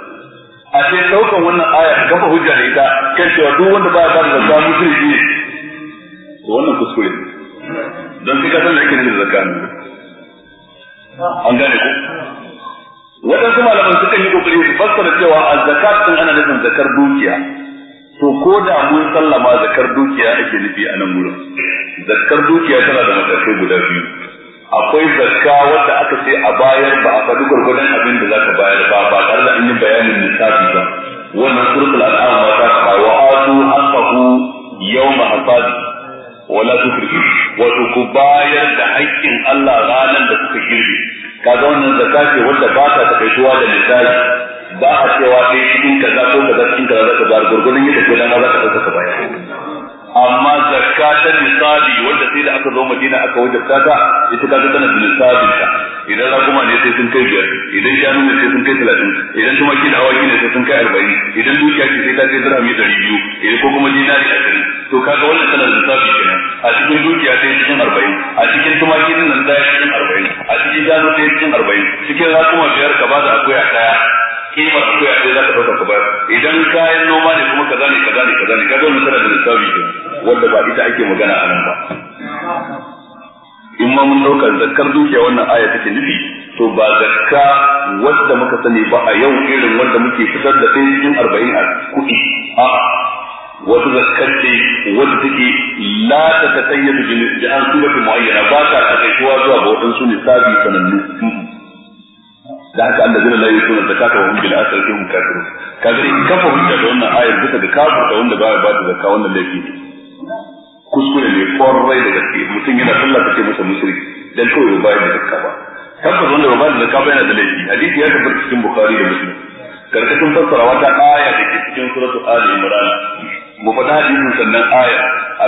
a ce daukan wannan aya kafa hujja da ita kai cewa duk wanda ba ya da zakka yi to wannan kuskure don sai ka san da kin da zakka an gane ko. waɗansu malaman sukan yi kokari su fassara cewa a zakat din ana nufin zakar dukiya to ko da mun sallama zakar dukiya ake nufi a nan gurin zakar dukiya tana da matakai guda biyu akwai zakka wanda aka ce a bayar ba a faɗi gwargwadon abin da za ka bayar ba ba tare da an yi bayanin lissafi ba wannan surtul al'am ma ta faɗa wa atu haqqahu yawma hasadi wala tusrifu wato ku bayar da haƙƙin Allah ranar da kuka girbe kaga wannan zakka ce wanda ba ta takaituwa da misali ba a cewa dai cikin kaza ko kaza cikin kaza ka bayar gwargwadon yadda ko dama ka ɗauka ka bayar amma zakka ta misali wanda sai da aka zo madina aka wajen ta ita ka ga tana nisabin ta idan raguma ne sai sun kai biyar idan shanu ne sai sun kai talatin idan tumaki da awaki ne sai sun kai arba'in idan dukiya ce sai ta kai mai dari biyu idan eh, ko kuma dinari ashirin to kaga wannan tana nisabi kenan a cikin dukiya sai cikin arba'in a cikin tumaki nan ɗaya cikin arba'in a cikin shanu sai cikin arba'in cikin raguma biyar ka ba da akuya kaya? kimar akuya sai za ka ɗauka ka bayar idan kayan noma ne kuma kaza ne kaza ne kaza ne kaga wannan tana da lissafi ke wanda ba ita ake magana a nan ba in ma mun ɗauka zakkar dukiya wannan aya take nufi to ba zakka wadda muka sani ba a yau irin wanda muke fitar da sai cikin arba'in a kuɗi a wata zakkar ce wadda take la ta ta tsayyar da an suratul muayyana ba ta takaituwa zuwa ga waɗansu lissafi sanannu da haka Allah zai la yusuna zakata wa hum bil asrati hum kafirun kaga in kafa hujja da wannan ayar bisa ga kafir da wanda baya ba da zakka wannan laifi ne kuskure ne kwarai da gaske mutum yana sallah take masa mushriki dan kawai ba da zakka ba tabbas wanda ba da zakka ba yana da laifi hadisi ya tabbata cikin bukhari da muslim karkashin fassara wata aya da ke cikin suratul ali imran mu faɗa hadisin sannan aya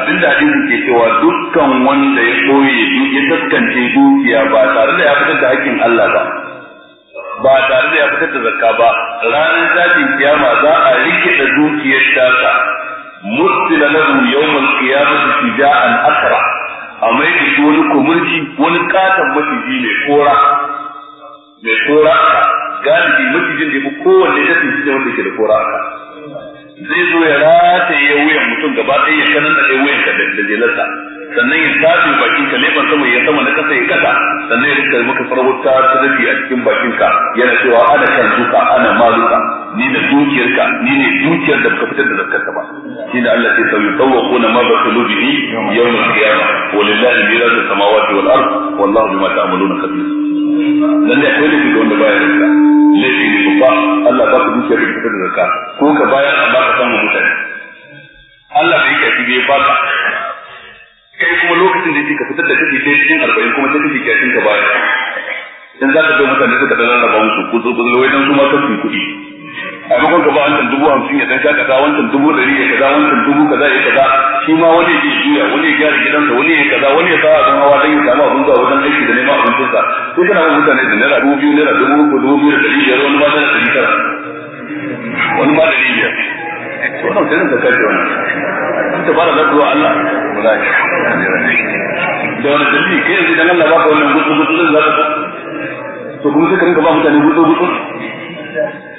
abinda hadisin ke cewa dukkan wanda ya koye ya taskance dukiya ba tare da ya fitar da hakkin Allah ba ba tare da ya fitar da zakka ba ranar tashin kiyama za a rike da dukiyar tasa musila lahu yawmal qiyamati tija'an akra a mai da shi wani kumurci wani katon mutiji mai kora mai kora galibi mutijin da ya kowanne da sun da wanda ke da kora aka zai zo ya rataye wuyan mutum gaba ɗaya ya kanan da wuyan ka da jelarsa sannan ya tafi bakin ka leban sama ya sama na kasa ya kasa sannan ya rika maka sarauta ta dafi a cikin bakin ka yana cewa ana kan duka ana maluka ni da dukiyarka ni ne dukiyar da ka fitar da ka ba shi da Allah ke sauyi na ma ni bihi yawm al-qiyamah walillahi mirasu samawati wal ard wallahu bima ta'maluna khabir lalle akwai ne ga wanda baya zakka laifi ne babba Allah ba ku dukiyar da fitar da zakka ko ka bayar ba ka samu mutane Allah bai kafi bai baka kai kuma lokacin da ka fitar da kake ɗaya cikin arba'in kuma sai kashi kyashin ka baya idan za ka ga mutane suka da rarraba musu kuzo kuzo wai dan su ma fi kuɗi a maimakon ka ba wancan dubu hamsin ya dan shakata wancan dubu ɗari ya kaza wancan dubu kaza ya kaza shi ma wani ya juya wani ya gyara gidansa wani ya kaza wani ya sa abin hawa dan ya samu abin zuwa wajen aiki da neman abincinsa sai kana wani mutane da naira dubu biyu naira dubu uku dubu biyu da ɗari biyar wani ma da ɗari wani ma ɗari biyar wannan sai da kace wannan ta bara da Allah wallahi da wani dalili kai yanzu dan Allah baka wannan gudu gudu zan zaka to kuma sai ka rinka ba mutane gudu gudu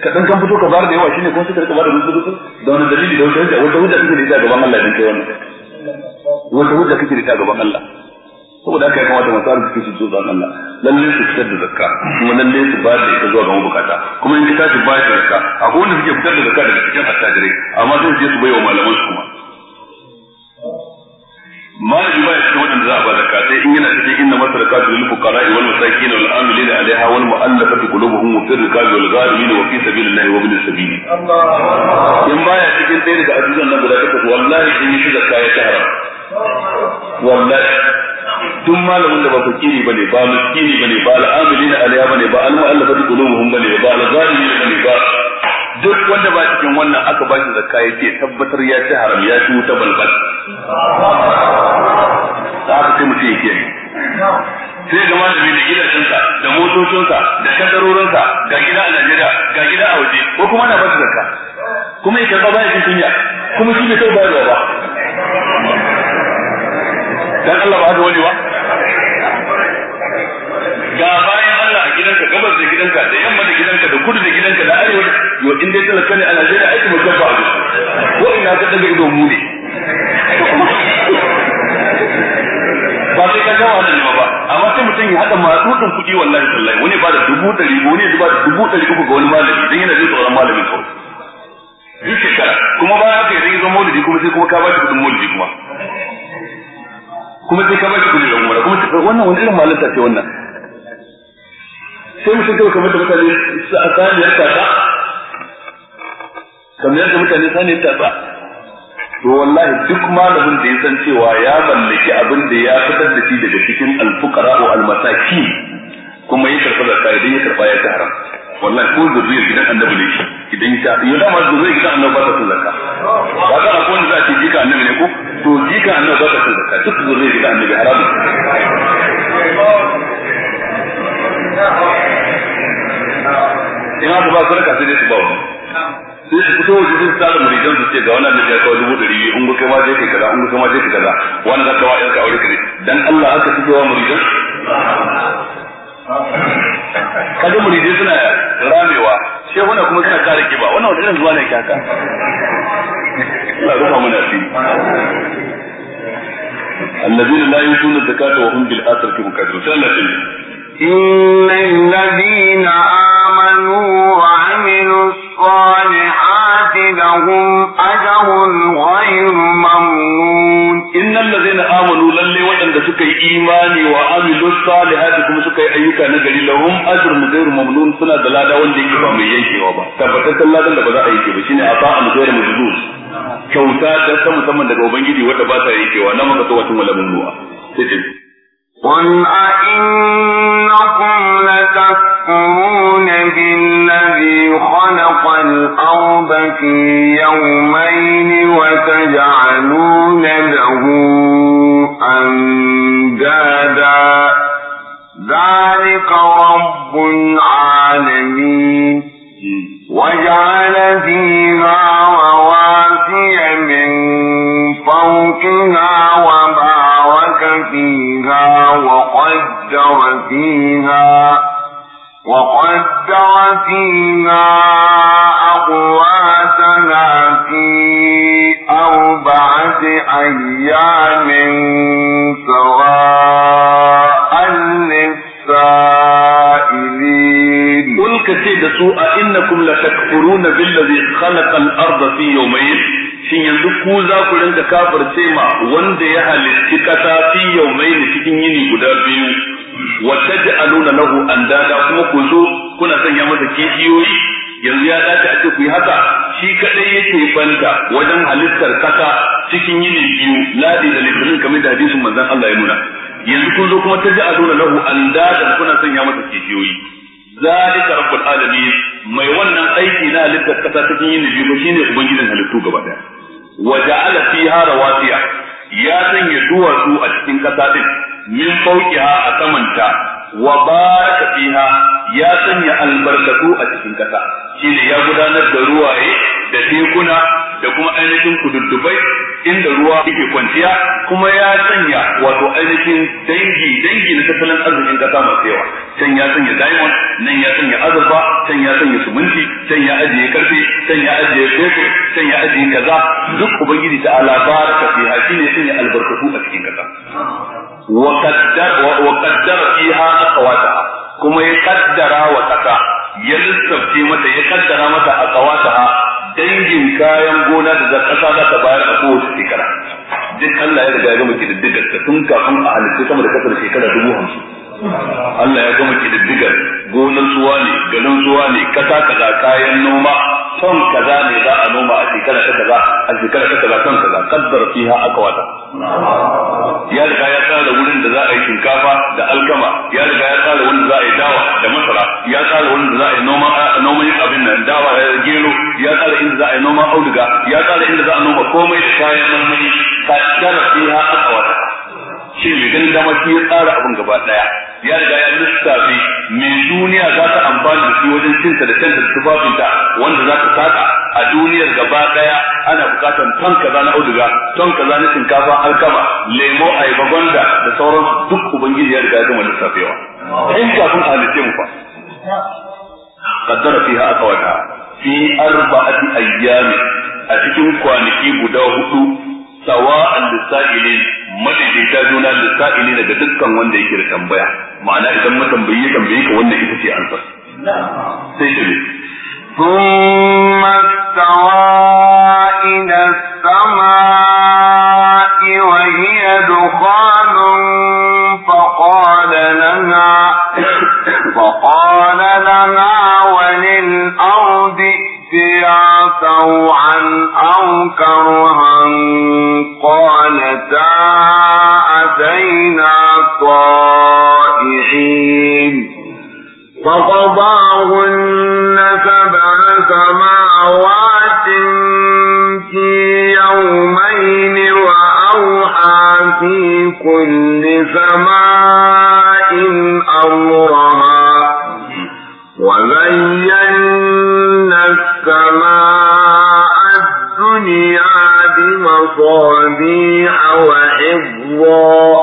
ka dan kan fito ka bar da yawa shine kuma sai ka rinka ba da gudu gudu da wani dalili da wata hujja kake da ita gaban Allah dan kai wannan wata hujja kake da ita gaban Allah saboda haka ya kamata masu arziki su zo zan Allah lalle su fitar da zakka kuma lalle su ba da ita zuwa ga mabukata kuma in ka tashi ba da zakka akwai wanda suke fitar da zakka daga cikin attajirai amma sai su je su bai wa malaman su kuma malami ba ya cikin waɗanda za a ba zakka sai in yana cikin inna masarakatu lil fuqara'i wal masakin wal amilina 'alaiha wal mu'allafati qulubuhum wa fil rikabi wal gharimin wa fi sabilillahi wa ibn sabili in baya cikin ɗaya daga azizan nan guda takwas wallahi in yi shi zakka ya tahara wallahi duk malamin da ba kiri bane ba muskini bane ba al'amilina alaya bane ba al-mu'allafatu qulubuhum bane ba al bane ba duk wanda ba cikin wannan aka ba shi zakka yake tabbatar ya ci haram ya ci wuta balbal da aka mutu mutum yake sai ga malami da gidajensa da motocinsa da kadarorinsa ga gida a Najeriya ga gida a waje ko kuma na ba shi zakka kuma ya ba baya cikin kunya kuma shi bai kai bayarwa ba dan Allah ba haka wani ba ga bayan Allah gidanka gabas da gidanka da yamma da gidanka da kudu da gidanka da arewa yo in dai talaka ne a Najeriya aiki mu gaba a ko ina ka daga ido mu ne ba sai ka gawa nan ba amma sai mutum ya hada matsutsun kudi wallahi sallai wani ba da dubu ɗari wani ba da dubu ɗari uku ga wani malami dan yana jin tsoron malamin ko duk shekara kuma bayan haka idan ya zo maulidi kuma sai kuma ka ba shi kudin maulidi kuma kuma sai ka ba shi kuɗi da umara kuma wannan wani irin malanta ce wannan sai mutum kawai kamar da mutane saniyar tata kamar yadda mutane saniyar tata to wallahi duk malamin da ya san cewa ya mallaki abin da ya fitar da shi daga cikin alfukara ko almasaki kuma ya karɓa zakka idan ya karɓa ya ci haram wallahi ko zuriyar gidan annabi ne idan ta yi da mazu zai gidan annabi ba ta son ba ga ko wanda za a ce jika annabi ne ko to jika annabi ba ta son zakka duk zuriyar gidan annabi haramun ina aka ba sadaka sai dai su ba wani sai su fito waje sun tsara muridan su ce ga wannan da ya kawo dubu ɗari biyu in kai ma je ka kaza in kai ma je ka kaza wani za ka wa yarka aure kare dan Allah haka su wa muridan kaji muridai suna ramewa shehuna kuma suna kare kiba wannan wani irin zuwa ne ke haka ina rufa mana fi annabi da layin sunan zakata wa hun bil asar ki mukaddu sai na imani wa amilu salihati kuma suka yi ayyuka na gari lahum ajrun ghayr mamnun suna da lada wanda yake ba mai yankewa ba tabbatar san ladan da ba za a yanke ba shine a an ghayr majzuz kyauta ta samu daga ubangiji wanda ba ta yankewa na maka tsawatin wala mamnuwa sai ce wan a in أتستكبرون بالذي خلق الأرض في يومين وتجعلون له أندادا ذلك رب العالمين وجعل فيها رواسي من فوقها وبارك فيها وقدر فيها وقدر فيها أقواتنا في أربعة أيام سواء للسائلين قل كثير سوء إنكم لتكفرون بالذي خلق الأرض في يومين shin yanzu ku za ku rinka kafirce ma wanda ya halitti kasa fi yau mai cikin yini guda biyu wa taj'aluna lahu andada kuma ku zo kuna sanya masa kishiyoyi yanzu ya dace a ce ku yi haka shi kadai yake banta wajen halittar kasa cikin yin biyu ladi da litinin kamar da hadisin manzon Allah ya nuna yanzu kun zo kuma taj'aluna lahu andada kuna sanya masa kishiyoyi zalika rabbul alamin mai wannan aiki na halittar kasa cikin yin biyu shine ubangijin halittu gaba daya wa ja'ala fiha rawasiya ya sanya duwatsu a cikin kasa din min fawqiha a samanta wa baraka fiha ya sanya albarkatu a cikin kasa shine ya gudanar da ruwaye da tekuna da kuma ainihin kududdubai inda ruwa yake kwanciya kuma ya sanya wato ainihin dangi dangi na tattalin arzikin kasa masu yawa can ya sanya diamond nan ya sanya azurfa can ya sanya suminti can ya ajiye karfe can ya ajiye fetur can ya ajiye kaza duk ubangiji ta ala baraka shi ne sanya albarkatu a cikin kasa wa qaddara fiha aqwataha kuma ya kaddara wa kasa ya lissafce mata ya kaddara mata aqwataha dangin kayan gona da ƙasa za ta bayar a kowace shekara duk Allah ya riga ya gama kididdigar ta tun kafin a halitta sama da kasar shekara dubu hamsin Allah ya gama kididdigar gonar suwa ne garin suwa ne ƙasa kaza kayan noma son kaza ne za a noma a shekara ta kaza a shekara ta kaza ton kaza kaddara fiha aka aqwataha za a yi shinkafa da alkama ya riga ya tsara wanda za a yi dawa da masara ya tsara wanda za a yi noman abin nan dawa da eh, gero ya tsara inda za a yi noman auduga ya tsara inda za a noma komai da kayan marmari ka tsara a kawata shi ne ganin dama shi ya tsara abin gaba daya ya riga ya lissafi mai duniya za ta amfani da shi wajen cinta da kanta da tufafinta wanda za ta saka a duniyar gaba daya ana bukatar ton kaza na auduga ton kaza na shinkafa alkama lemo ayaba gwanda da sauran duk ubangiji ya riga ya gama lissafewa in kafin halice mu fa qaddara fiha aqwata fi arba'ati ayyami a cikin kwanaki guda hudu sawa'an lisa'ilin madaidaita juna ne daga dukkan wanda yake da tambaya ma'ana idan matambayi ya tambaye ka wannan ita ce ansa sai shi ثم استوى إلى السماء وهي دخان فقال لنا فقال لنا وللأرض ربي عن أو كرها قالتا أتينا طائعين فقضاهن سبع سماوات مصابيح وحفظا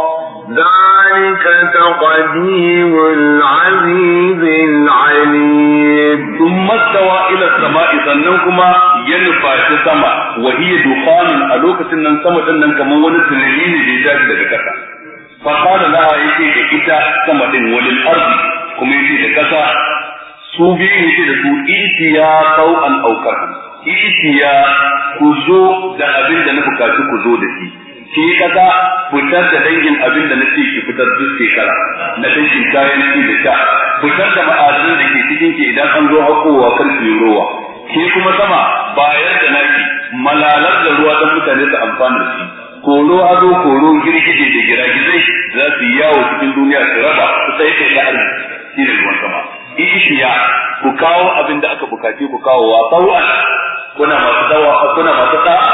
ذلك تقدير العزيز العليم ثم استوى إلى السماء سننكما ينفع السماء وهي دخان ألوك سنن سماء سنن كما ونسلين لجاج لكتا فقال لها يتي لكتا سماء وللأرض كما يتي لكتا سوبي يتي لكو إيتيا طوءا أو كرها ishiya ku zo da abin da na bukaci ku zo da shi Ki kaza fitar da dangin abin da na ce ki fitar duk shekara na dangin kayan ci da sha fitar da ma'adanin da ke cikin ki idan an zo hakowa kan ki rowa ke kuma sama bayar da naki malalar da ruwa don mutane su amfana da shi koro ado koro girgije da giragizai za su yi yawo cikin duniya su raba su sai ke da arziki shi ne ruwan sama ishiya ku kawo abin da aka bukaci ku kawo wa sau'an kuna masu dawa kuna masu da'a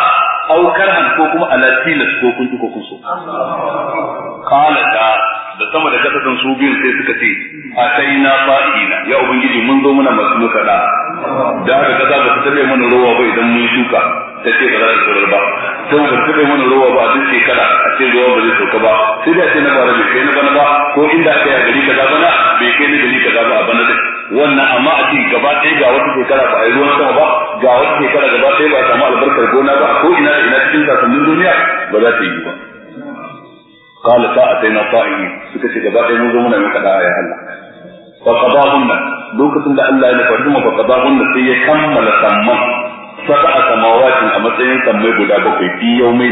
aw karhan ko kuma ala tilas ko kun ko kun so qala da da sama da kasa sun su biyun sai suka ce ataina fa'ina ya ubangiji mun zo muna masu muka da da haka kaza ba ta tabe mana ruwa ba idan mun shuka ta ce ba za ta tsorar ba sai ba ta mana ruwa ba duk shekara a ce ruwa ba zai sauka ba sai da ce na bara bai kai na bana ba ko inda aka yi gari kaza bana wannan amma a cikin gaba ɗaya ga wata shekara ba a yi ruwan sama ba ga wata shekara gaba ɗaya ba a samu albarkar gona ba ko ina da ina cikin sasannin duniya ba za ta yi ba kala ta ataina yi. suka ce gaba ɗaya mun zo muna maka da'a ya Allah fa qadahunna lokacin da Allah ya nufa duma fa qadahunna sai ya kammala samman sama wajen a matsayin sammai guda bakwai fi ne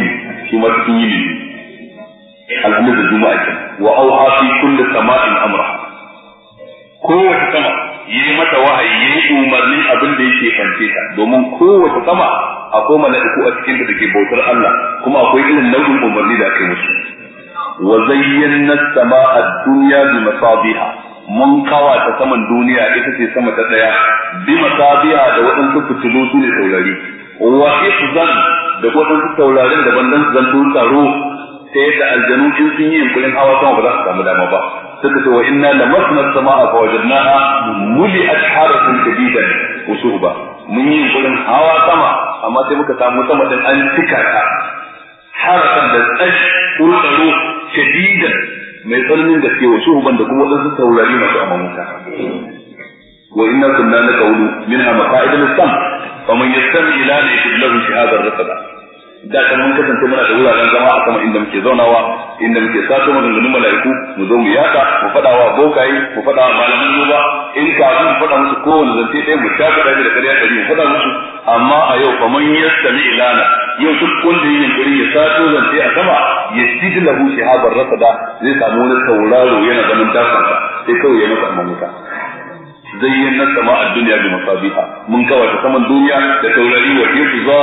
shi ma cikin yini da juma'a wa auha fi kulli sama'in amra kowace sama ya yi mata wahayi yi umarnin abin da yake fance ta domin kowace sama akwai mala'iku a cikin da ke bautar Allah kuma akwai irin nau'in umarni da aka musu wa zayyana sama'a dunya bi masabiha mun kawa ta saman duniya ita ce sama ta daya bi masabiha da waɗansu fitilu su ne taurari wa ifzan da waɗansu taurarin da bandan zan taro? sai da aljanu sun yi yunkurin hawa sama ba za su samu dama ba suka ce wa inna lamasna as-samaa fa wajadnaha muli'at harasan shadidan usuba mun yi gurin hawa sama amma sai muka samu sama din an cika ta harasan da tsash tsaro shadidan mai tsananin gaske wasu shuhuban da kuma wadansu taurari masu amamuta wa inna kunna naqulu minha maqa'ida lis-sam faman yastami ila la yajid lahu shihaban rasada da kan mun kasance muna da wuraren zama a sama inda muke zaunawa inda muke sato maganganun mala'iku mu zo mu yaka mu faɗa wa bokaye mu faɗa wa malamin duba in kafin mu faɗa musu kowane zance ɗaya mu sha ka da ƙarya ɗari mu faɗa musu amma a yau fa man yastami ilana yau duk wanda yin yunkuri ya sato zance a sama ya ji lahu shihabar rasada zai samu wani tauraro yana ganin dakansa sai kawai ya masa amma wuta zayyana sama'a dunya bi kabi'a mun kawata kaman duniya da taurari wa hifza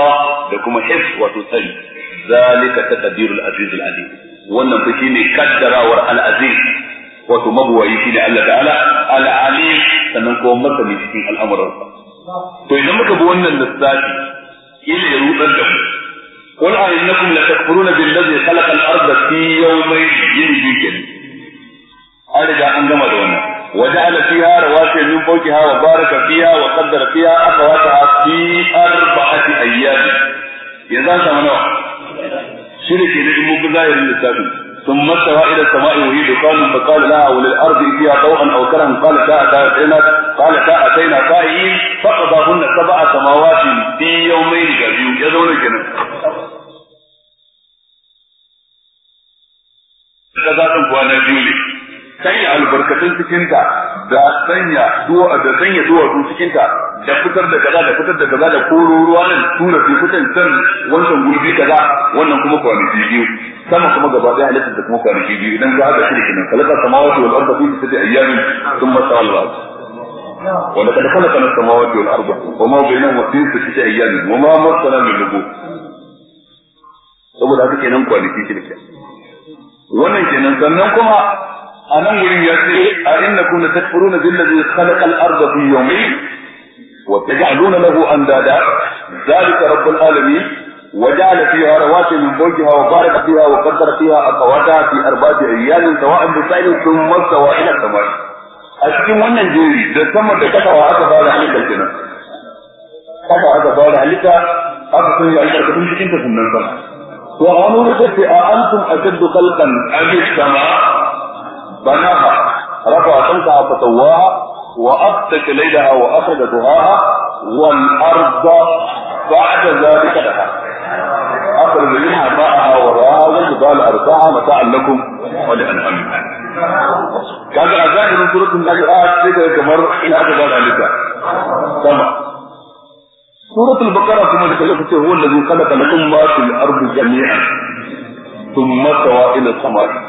da kuma hif wato tsari zalika taqdirul aziz al alim wannan fa shine kaddarawar al aziz wato mabuwayi shine Allah ta'ala al alim sannan kuma cikin to wannan ya da mu قل أئنكم لتكفرون بالذي خلق الأرض في يومين يجي كده أرجع أن دونه وجعل فيها رواسي من فوقها وبارك فيها وقدر فيها أخواتها في أربعة أيام يزال ثمنوا شرك نجم بزائر للسابق ثم استوى إلى السماء وهي دخان فقال لها وللأرض فيها طوعا أو كرها قالتا أتينا قالتا أتينا طائعين فقضاهن سبع سماوات في يومين كبير يزول الجنة kaza ɗin kwana biyu ne sanya albarkatun cikinta da sanya duwa da sanya duwatsu cikinta da fitar da kaza da fitar da kaza da koro ruwa nan tura fi fitan san wancan gurbi kaza wannan kuma kwanaki biyu sama kuma gaba daya halittar da kuma kwanaki biyu idan za ka shirki nan kalaka samawati wal ardi fi sittati ayyamin thumma ta'ala ولقد خلقنا السماوات والارض وما بينهما في سته ايام وما مسنا من لبوب. saboda haka kenan kwanaki shirka wannan kenan sannan kuma a nan gurin ya ce a innakum latakfuruna billazi khalaqa al-ardha fi yawmayn wa taj'aluna lahu andada zalika rabbul alamin وجعل فيها رواسي من فوقها وبارك فيها وقدر فيها اقواتها في اربعه ايام سواء بسائل ثم سواء الى السماء. أشكي من الجوري ده سمى ده كفى فعل عليك الجنة. كفى وعطى فعل عليك أبقى سنة عليك الكتب انت سنة السماء. وغنور في أأنتم أشد خلقا أم السماء بناها رفع سمكها فتواها وأبتك ليلها وأخذ دهاها والأرض بعد ذلك لها اخرج منها ماءها وراها وقال أرضاها متاعا لكم ولأنهمها كان أزاك من سورة النبي أجل آيات سيدة يتمر إلى هذا ذلك تمام سورة البقرة ثم الخلفة هو الذي خلق لكم ما في الأرض جميعا ثم إلى السماء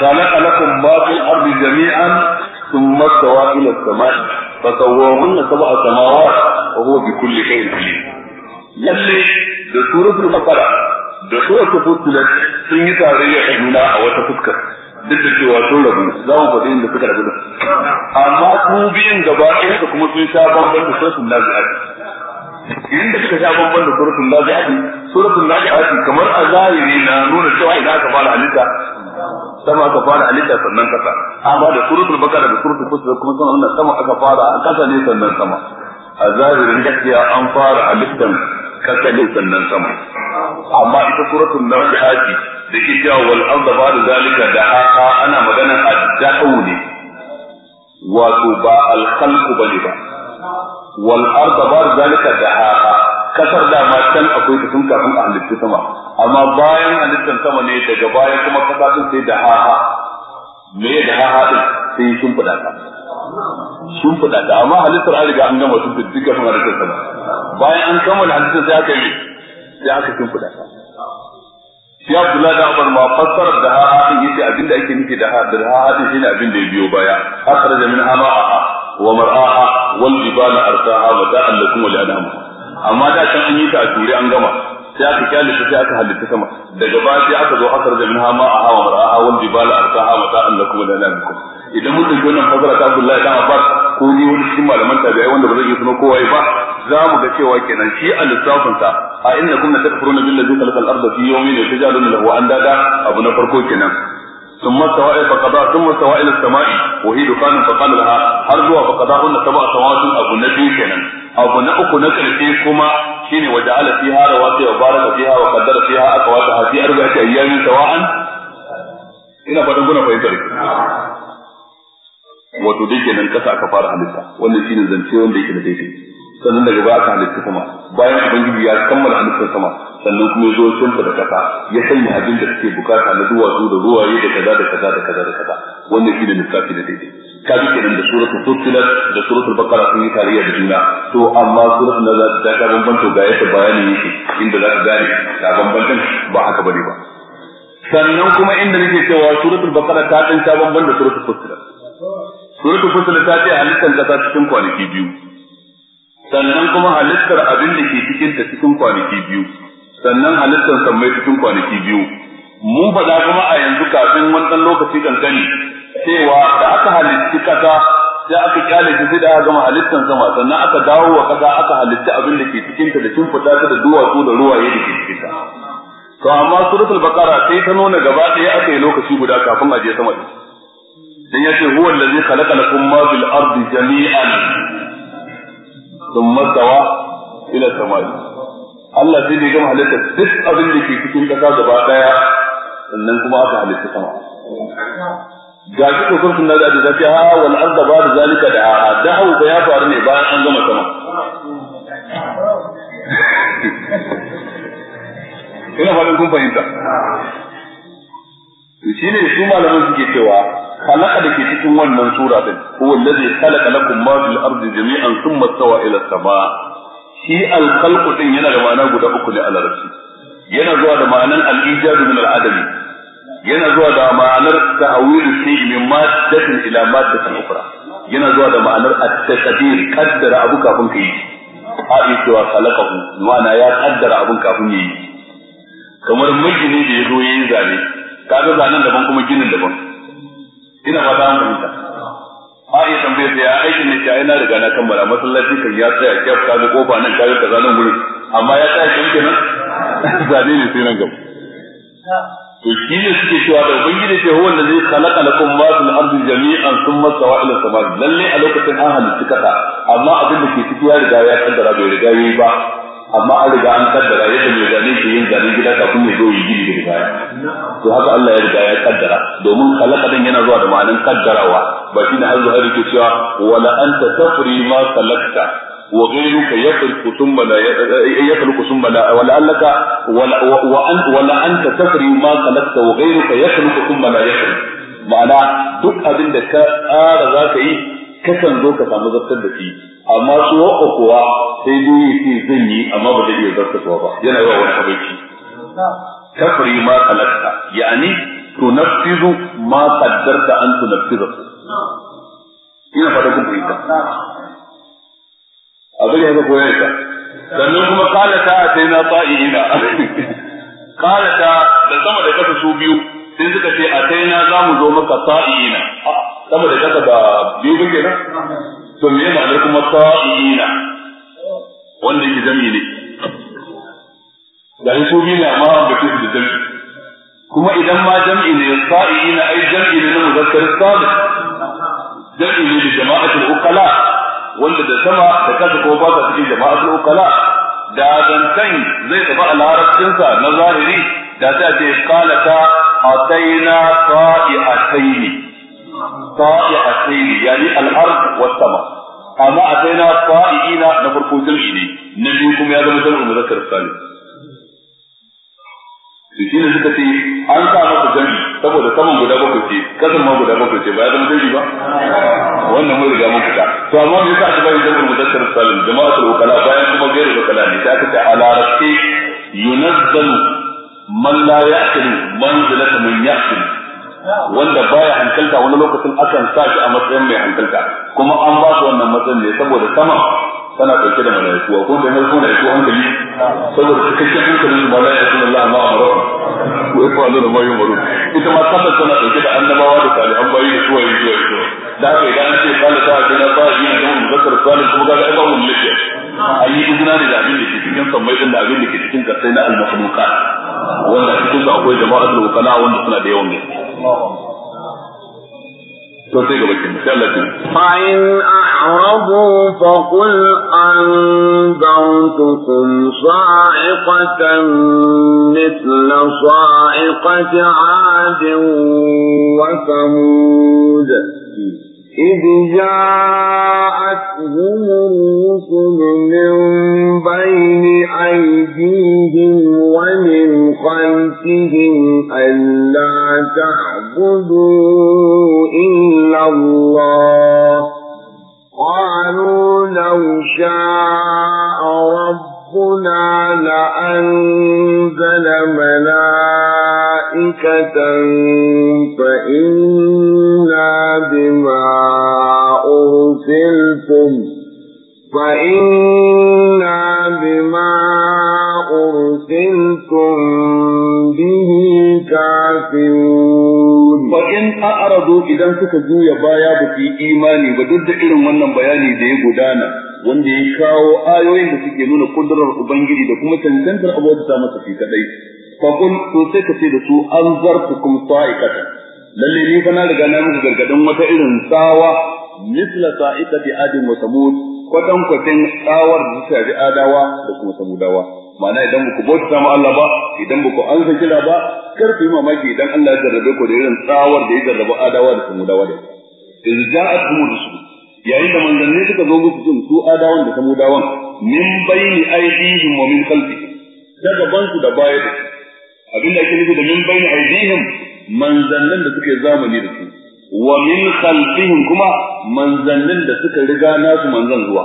خلق لكم ما في الأرض جميعا ثم استوى إلى السماء فسواهن سبع سماوات وهو بكل شيء عليم lalle da suratul baqara da suratul fussilat sun yi tarayya a juna a wata fuskar duk da cewa sun rabu za mu faɗi inda suka rabu da amma su biyan gaba ɗaya da kuma sun sha bamban da suratul nazi'at inda suka da kamar na nuna cewa idan aka fara sama aka fara halitta sannan kasa amma da suratul bakara da suratul fusilat kuma sun nuna sama aka fara a kasa ne sannan sama a zahirin gaskiya an fara halittan kasa ne sannan sama amma ita suratul nafi'ati da ke cewa wal arda da zalika da haka ana maganar ad-dahu ne wato ba al-khalqu bane ba wal arda ba'da zalika da haka kasar da ma can akwai ta kafin a halittu sama amma bayan halittar sama ne daga baya kuma kasa din sai da haha me da haha din sai sun fada ka sun fada ka amma halittar an riga an gama sun fita duka sun halittar sama bayan an kammala halittar sai aka yi sai aka sun fada ka sai Abdullahi da Umar ma fassara da haha din yace abinda ake nufi da haha da haha din shine abinda ya biyo baya akhraja min ama'a wa mar'aha wal jibala arsaha wa da'an lakum wa li'anamah amma da can an yi ta a ture an gama sai aka kyale shi sai aka halitta sama daga baya sai aka zo aka rage minha ma a hawa mar'aha wal jibala arsaha mata an lakum wa lanakum idan mun dauki wannan fasara ta Abdullahi dan Abbas ko ni wani cikin malaman ta tabi'ai wanda ba zai iya kuma kowa ba za mu ga cewa kenan shi a lissafin sa a innakum la takfuruna billazi khalaqa al-ardha fi yawmin wa tajaluna lahu andada abu na farko kenan ثم استوى الى فقضاء ثم استوى الى السماء وهي دخان فقال لها هل هو فقضاهن سبع سماوات ابو نبي كنن ابو نبي نكرتي كما شيني وجعل فيها رواسي وبارك فيها وقدر فيها اقواتها في اربعه ايام سواء ina fatan kuna fahimtar wato dai kenan kasa aka fara halitta wannan shine zance wanda yake da daidai sannan daga baya aka halitta kuma bayan ubangiji ya kammala halittar sama sannan kuma zo shimfa da kasa ya sanya abin da suke bukata na duwatsu da ruwaye da kaza da kaza da kaza da kaza wanda shi ne lissafi da daidai ka bi kenan da suratul fussilat da suratul baqara sun yi tarayya da juna to amma suratul nazar ta ka bambanta ga yadda bayani yake inda za ka gane ga bambantan ba haka bane ba sannan kuma inda nake cewa suratul baqara ta dan ta bambanta suratul fussilat suratul fussilat ta ce halittar kasa cikin kwanaki biyu sannan kuma halittar abin da ke cikin ta cikin kwanaki biyu sannan halittar sammai cikin kwanaki biyu mun faɗa kuma a yanzu kafin ɗan lokaci kankani cewa da aka halitti kasa sai aka kyale shi sai da aka gama halittar sama sannan aka dawo wa kasa aka halitta abin da ke cikin ta da cin fita ta da duwatsu da ruwaye da ke cikin ta to amma suratul baqara sai ta nuna gaba ɗaya aka yi lokaci guda kafin a je sama da dan yace huwa allazi khalaqa lakum ma fil ardi jami'an thumma tawa ila samai Allah sai ne gama halitta duk abin da ke cikin kasa gaba ɗaya, sannan kuma aka halitta sama ga shi ko sun da da ta ha wal arda ba da zalika da da hau da ya faru ne bayan an gama sama ina fadin kun fahimta shi ne su malaman suke cewa khalaqa da ke cikin wannan sura din huwa allazi khalaqa lakum ma fil ardi jami'an thumma stawa ila as shi alkhalqu din yana da ma'ana guda uku ne a larabci yana zuwa da ma'anar al-ijad min al-adami yana zuwa da ma'anar ta'awil shay'in min maddatin ila maddatin ukhra yana zuwa da ma'anar at-taqdir qaddara abu kafin kai a cewa khalaqahu ma'ana ya qaddara abu kafin yi kamar mijini da yazo yayin zane kaga zanen daban kuma ginin daban ina fata an fahimta ai tambaye sai, ya aikin ne ta na riga na kammala masallaci kan ya tsaya kyaf ka ga kofa nan ka ga kaza nan gurin amma ya tsaya kin kenan zane ne sai nan gaba to shi ne suke cewa da ubangiji ce huwa allazi khalaqa lakum ma fil ardi jami'an thumma stawa ila samai lalle a lokacin an halitta kasa amma abin da ke ciki ya riga ya kaddara bai riga yayi ba amma an riga an kaddara yadda mai zane ke yin zane gida kafin mai zo yi gini daga baya to haka Allah ya riga ya kaddara domin khalaqa yana zuwa da ma'anar kaddarawa ba shi ne Allah ya cewa wala anta tafri ma khalaqta wa ghayruka yakhluqu thumma la yakhluqu thumma la wala allaka wa an wala anta tafri ma khalaqta wa ghayruka yakhluqu thumma la yakhluqu ma'ana duk abin da ka tsara za ka yi kakan zo ka samu zartar da shi amma su wakwa kuwa sai dai ya zan yi amma ba zai iya kuwa ba yana wa wani habaici kafri ma kalakta ya'ani tunaffizu ma qaddarta an tunaffizu ina fata kun fahimta abin da ya ko ya isa sannan kuma kalata sai na ta'ina ina kalata da sama da kasa su biyu sai suka ce a sai na za mu zo maka ina sama da kasa ba biyu ba kenan to me ma'anar kuma sa'ina wanda yake jami ne da su biyu ne amma an bace da jami kuma idan ma jami ne sa'ina ai jami ne na muzakkar sabi jami ne da jama'atul uqala wanda da sama da kasa ko ba ta cikin jama'atul uqala da zantan zai tafi a larabcinsa na zahiri da ta ce kalata ataina ne. طائعتين يعني الارض والسماء اما اتينا طائعين نفرقو جمعي ne na biyu kuma ya zama jam'u muzakkar salim to shine suka ce an sa masa jami saboda saman guda bakwai ce kasan ma guda bakwai ce ba ya zama jami ba wannan mun riga mun fita to amma me yasa aka bari jam'ul mudakkar salim jama'atul ukala bayan kuma gairu ukala ne sai aka ce ala rafi yunazzalu man la ya'kulu manzilata man ya'kulu wanda baya hankalta wani lokacin akan sashi a matsayin mai hankalta kuma an ba su wannan matsayin ne saboda sama tana dauke da malaiku ko da yanzu na iko hankali saboda cikakken hankalin su malai ya sunan Allah ma amara ko ya faru da bayu maru ita ma ta kasa tana dauke da annabawa da salihan bayi da suwaye da suwaye da haka idan an ce kana ta ce na ba yi da mun zakar salihu kuma ga ai ba mun lafiya A yi izina ne da abin da ke cikin sammai din da abin da ke cikin kasai na al-makhluqat wanda cikin su akwai jama'atul wukala wanda suna da yawan gaske فإن أعرضوا فقل أنذرتكم صاعقة مثل صاعقة عاد وثمود إذ جاءتهم الرسل من بين أيديهم ومن خلفهم ألا تعبدوا إلا الله قالوا لو شاء ربنا لأنزل ملائكة فإن بما أرسلتم فإنا بما أرسلتم به كافرون فإن أعرضوا إذا سكتوا يا بايا في إيماني إلهم wannan bayani da ya gudana wanda ya kawo ayoyin da suke nuna kudurar Ubangiji da kuma cancantar abubuwa ta masa fi kadai. Fakul to sai ka ce da su an kuma sa'ikatan lalle ni fa na riga na muku gargadin wata irin tsawa misla bi adin wa samud kwatan kwatin tsawar da ta bi adawa da kuma samudawa ma'ana idan muku bauta samu Allah ba idan muku an san kira ba kar ku yi mamaki idan Allah ya jarrabe ku da irin tsawar da ya jarraba adawa da samudawa da in ja'at da su yayin da manzanni suka zo musu jin su adawan da samudawan min bayni aidihim wa min khalfihim daga bansu da baya da abinda ake nufi da min bayni aidihim manzannin da suke zamani da su wa min khalfihim kuma manzannin da suka riga nasu manzan zuwa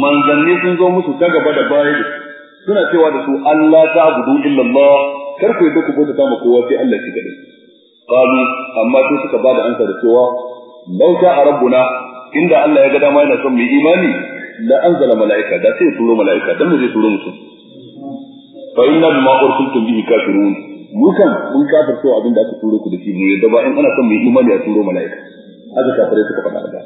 manzanni sun zo musu ta gaba da baya suna cewa da su Allah ta abudu illallah kar ku yadda ku ta ma kowa sai Allah shi kadai qalu amma su suka bada ansa da cewa law a rabbuna inda Allah ya ga dama yana son mu imani la anzala malaika da sai turo malaika dan mu zai turo mutum fa inna bima ursiltum bihi kafirun mukan mun kafirce abin da aka turo ku da shi ne da ba in ana son mu yi imani a turo mala'ika aka kafare suka faɗa da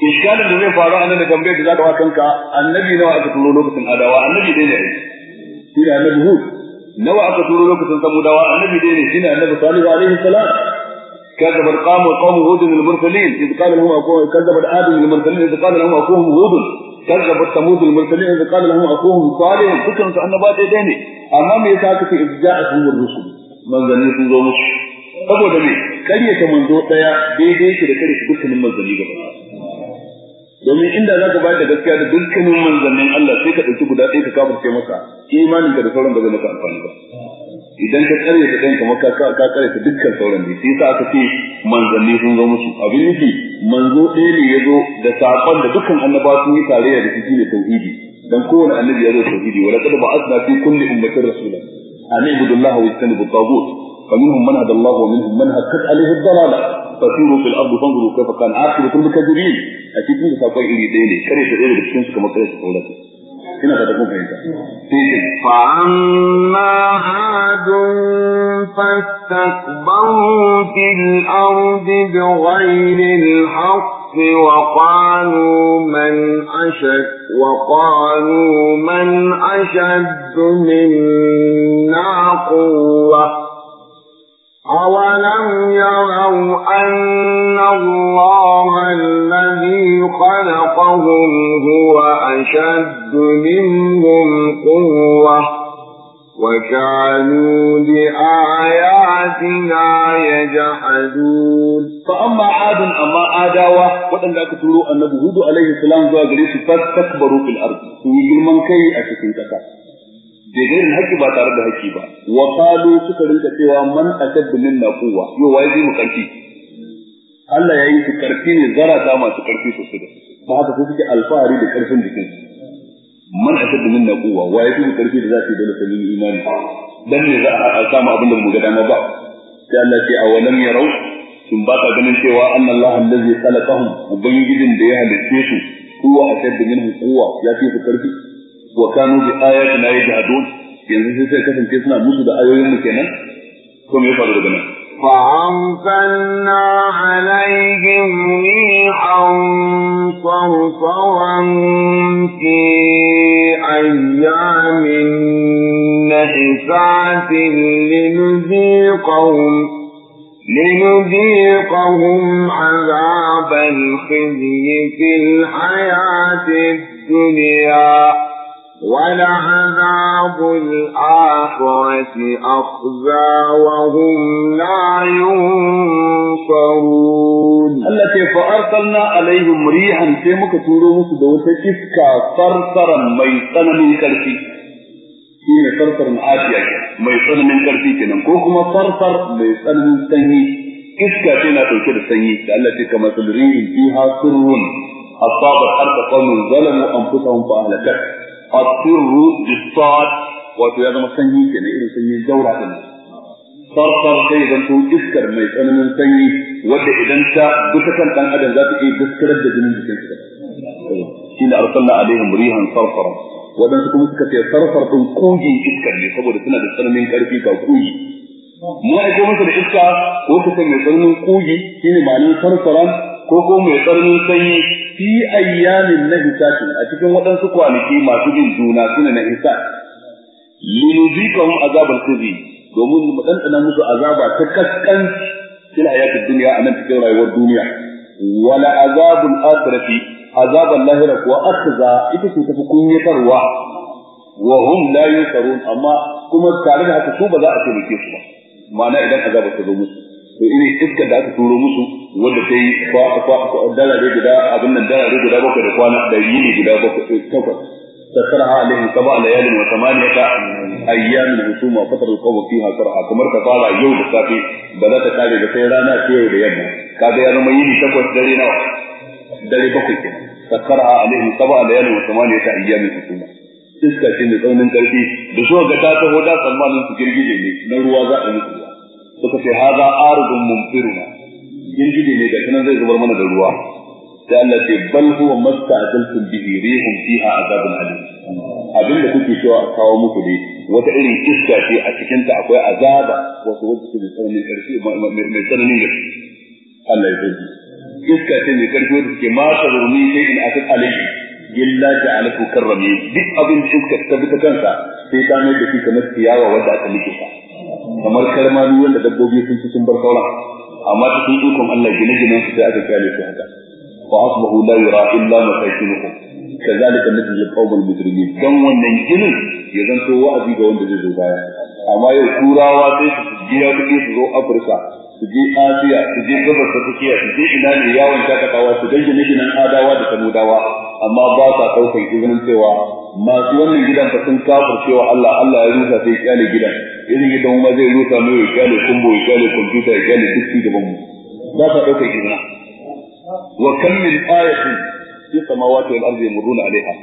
iskalin da zai faru a nan da tambayar da za ka kanka annabi nawa aka turo lokacin adawa annabi dai ne shi ne annabi hu nawa aka turo lokacin samudawa annabi dai ne shi ne annabi salihu alaihi salam كذب القوم قوم هود المرسلين إذ قال لهم أخوهم كذب آدم المرسلين إذ قال لهم أخوهم هود كذبت ثمود المرسلين إذ قال لهم أخوهم صالح فكرة أن بعد ديني أما ما يساك إذ جاءتهم الرسل من ذني سنزو مش أبو دمي كرية من ذو تيا دي دي كده كرية دكتن من ذني domin inda za ka bayar da gaskiya da dukkanin manzannin Allah sai ka ɗauki guda ɗaya ka kafirce masa imanin ka da sauran ba zai maka amfani ba idan ka tsare ta kanka maka ka tsare ta dukkan sauran ne sai aka ce manzanni sun zo musu abin nufi manzo ɗaya ne ya zo da saƙon da dukkan annabawa sun yi tare da shi ne tauhidi dan kowane annabi ya zo tauhidi wala qad ba'athna fi kulli ummatin rasula an ibudu Allah wa yastanibu tagut فمنهم من هدى الله ومنهم من هكت عليه الضلالة فسيروا في الأرض فانظروا كيف كان عاقبة المكذبين أتيتني ساقوي إلي ديني كريت إلي بسكنسك مكريت قولتك ina fata kun fahimta fa amma adun fastakbaru fil ardi bighayri al-haqq وقالوا من أشد وقالوا من أشد منا قوة أولم يروا أن الله الذي خلقهم هو أشد منهم قوة وجعلوا بآياتنا يجحدون فأما عاد أما آداوة وأن لا تروا أن هود عليه السلام زوى جريش فاستكبروا في الأرض ويجل من كي أشكين da irin haƙƙi ba tare da haƙƙi ba wa kalu suka rinka cewa man ashaddu minna quwwa yo wai zai mu karfi Allah ya yi su karfi ne zarata masu karfi su su ba haka sai suke alfahari da karfin jikin man ashaddu minna quwwa wa ya fi mu karfi da zai da dole sanin imani dan ne za a samu abin da mu ga dama ba sai Allah ya ce awalam yarau sun ba ka ganin cewa annallahu allazi khalaqahum ubangijin da ya halicce su huwa ashaddu minhum quwwa ya fi su karfi وكانوا بآياتنا يجهدون يعني إذا كنتم كيسنا مصد يوم مكينا كم يفضل بنا فأرسلنا عليهم ريحا صرصرا في أيام نحسات لنذيقهم لنذيقهم عذاب الخزي في الحياة الدنيا ولعذاب الآخرة أخزى وهم لا ينصرون التي فأرسلنا عليهم ريحا سيمك تورو سدوت إسكا صرصرا ميتنا من كرفي شين صرصرا آتيا ميتنا من كرفي كنا كوكما صرصر ميتنا من سني فينا تينا تلك السني التي كما تلريهم فيها سر أصابت حتى قوم ظلموا أنفسهم فأهلكت asirru bisad wato ya zama sanyi kenan irin sanyi jaura din farfar sai zan to iskar mai tsananin sanyi wadda idan ta duka kan ɗan adam za ta iya daskarar da jinin jikin shi shine arsalna alaihim rihan sarfara wadansu kuma suka ce farfar din kugin iskar ne saboda suna da tsananin karfi ga kugi mu aiko masa da iska ko kace mai tsananin kugi shine ma'anin farfaran. ko ko mai tsarnin sanyi fi ayyamin na hisatin a cikin waɗansu kwanaki masu bin juna suna na hisa linuzikahum azabal khizi domin mu ɗanɗana musu azaba ta kaskanci fil duniya dunya anan cikin rayuwar duniya wala azabul akhirati azabul lahira kuwa akhza ita ce tafi kunyatarwa wa hum la amma kuma tare da haka su ba za a ke su ba ma'ana idan azabar ta zo musu to ina iskar da aka turo musu wanda ta yi dalare guda abin nan dalare guda bakwai da kwana da yini guda bakwai eh, takwas تسرها عليهم سبع ليال وثمانية أيام الحسومة فترة القوم فيها سرعة كما ارتفع يوم السافي بدأت تاجي بسيرانا سيو ليبنا كاد يرمى يلي تقوى الدرينا دري بقي تسرها عليهم wa samaniya ta ayyamin الحسومة iska ce mai tsaunin karfi da shuwa ga ta taho da tsammanin su girgije ne na ruwa za a yi ruwa suka ce haza aridun mumtiruna girgije ne da kanan zai zubar mana da ruwa sai Allah ce bal huwa masta'jaltum bihi rihum fiha azabun alim da kuke cewa a kawo muku dai wata irin iska ce a cikin ta akwai azaba wato wacce ce mai tsananin karfi mai tsananin gaske Allah ya zai iska ce mai karfi wacce ke ma ta rumi sai in akat alayhi illa ja'alahu karrami duk abin da iska ta bi ta kansa sai ta mai da shi kamar ciyawa wanda aka nike sa kamar karmami wanda dabbobi sun ci sun bar sauran amma sun ikon Allah gine-gine su da aka kyale su haka fa asbahu la yara illa taqulu kazalika nadi al-qawm al-mujrimin dan wannan ginin ya zanto wa'azi ga wanda zai zo baya amma yau turawa sai su biya kuɗi su zo Afirka su je Asiya su je gabas ta tsakiya su je ina ne yawon takatawa su dan gine-ginen adawa da samudawa amma ba sa ɗaukar izinin cewa masu wannan gidan ba sun kafir cewa Allah Allah ya rusa sai kyale gidan irin yadda mu ma zai rusa samu ya kyale kumbo ya kyale kwamfuta ya kyale duk gaban mu ba ta ɗaukar izina wa kan min ayatin fi samawati wal ardi yamurruna alaiha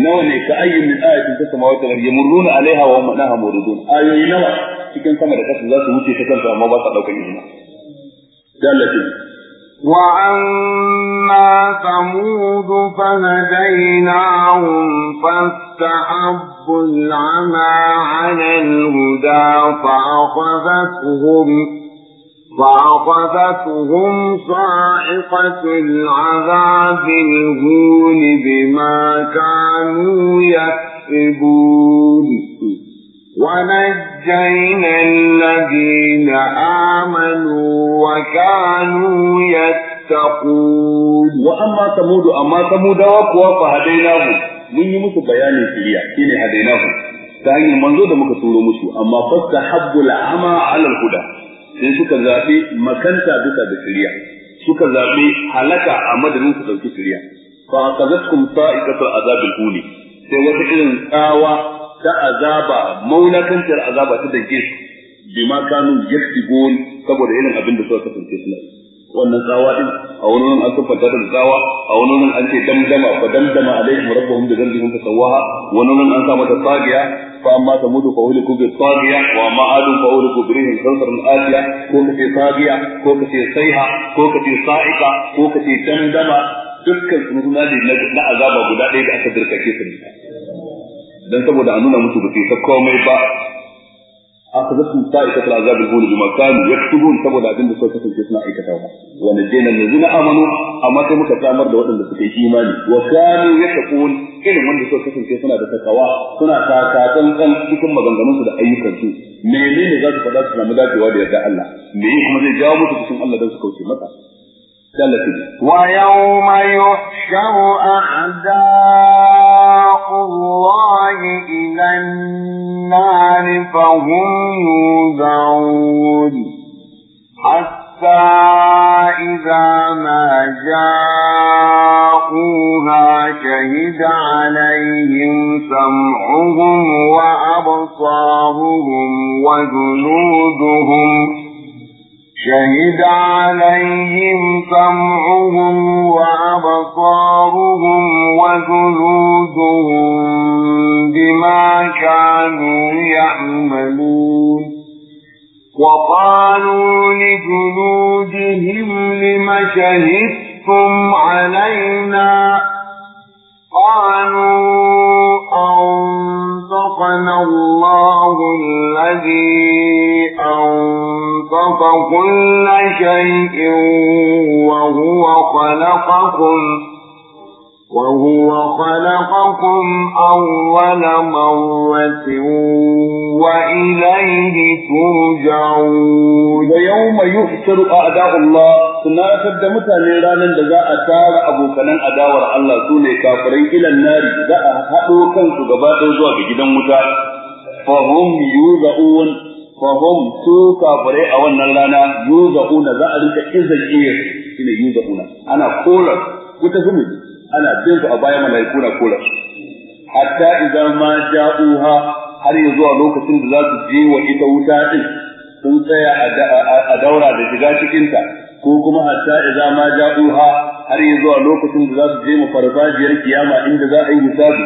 nawa ne ka ayyin min ayatin fi samawati wal ardi yamurruna alaiha wa hum anha muridun ayoyi nawa cikin sama da kasa za su wuce ta kanta amma ba sa ɗaukar izina dalilin وأما ثمود فهديناهم فاستحبوا العمى على الهدى فأخذتهم فأخذتهم صاعقة العذاب الهون بما كانوا يكسبون ونجينا الذين آمنوا وكانوا يتقون وأما ثمود أما ثمود وقوا فهديناه من يمس بيان الكريا حين هديناه تاني منظور ما كتورو مسو أما فاستحب العمى على الهدى sai suka zaɓi makanta bisa da shirya suka zaɓi halaka a madadin su ɗauki shirya fa kazatkum sa'iqatul azabil ta azaba maunakantar azaba ta dake su bima kanu yaktibun saboda irin abin da suka kasance suna wannan tsawa din a wani nan an tabbata da tsawa a wani nan an ce damdama fa damdama alaihim rabbuhum bi dhanbihim fa sawaha wani nan an sa mata tsagiya fa amma tamudu fa uliku bi tsagiya wa ma adu fa uliku bi rihin sarsarin aliya ko kace tsagiya ko kace saiha ko kace sa'ika ko kace damdama dukkan sununa da na azaba guda ɗaya da aka dirkake su ne dan saboda a nuna musu ba ta komai ba aka zasu ta ita ta azab hun bima kanu yaktubun saboda abin da suka kasance suna aikata ba wa nadina allazina amanu amma sai muka samar da waɗanda suka yi imani wa kanu yattaqun irin wanda suka kasance suna da takawa suna takatsan cikin maganganun su da ayyukan su menene za su faɗa su samu dacewa da yarda Allah me kuma zai jawo musu cikin Allah dan su kauce maka ويوم يحشر أعداء أصحاب الله إلى النار فهم يوزعون حتى إذا ما جاءوها شهد عليهم سمعهم وأبصارهم وجنودهم شهد عليهم سمعهم وأبصارهم وجلودهم بما كانوا يعملون وقالوا لجلودهم لم شهدتم علينا قالوا أنطقنا الله الذي أنطق كل شيء وهو خلقكم وهو خلقكم أول مرة وإليه ترجعون ويوم يحشر أعداء الله سنا قدمت لرانا لذا أتار أبو كنان أداور الله سوني كافرين إلى النار ذا أهدو كان سقبات زواج جدا متى فهم يوزعون فهم سو كافرين أولنا لنا يوزعون ذا أريد إذا جير إلى يوزعون أنا قولا وتزمني ana bin su a bayan malaiku na kula su hatta idan ma ja'uha har ya zuwa lokacin da za su je wa ita wuta din sun tsaya a daura da shiga cikinta ko kuma hatta idan ma ja'uha har ya zuwa lokacin da za su je mu farfajiyar kiyama inda za a yi hisabi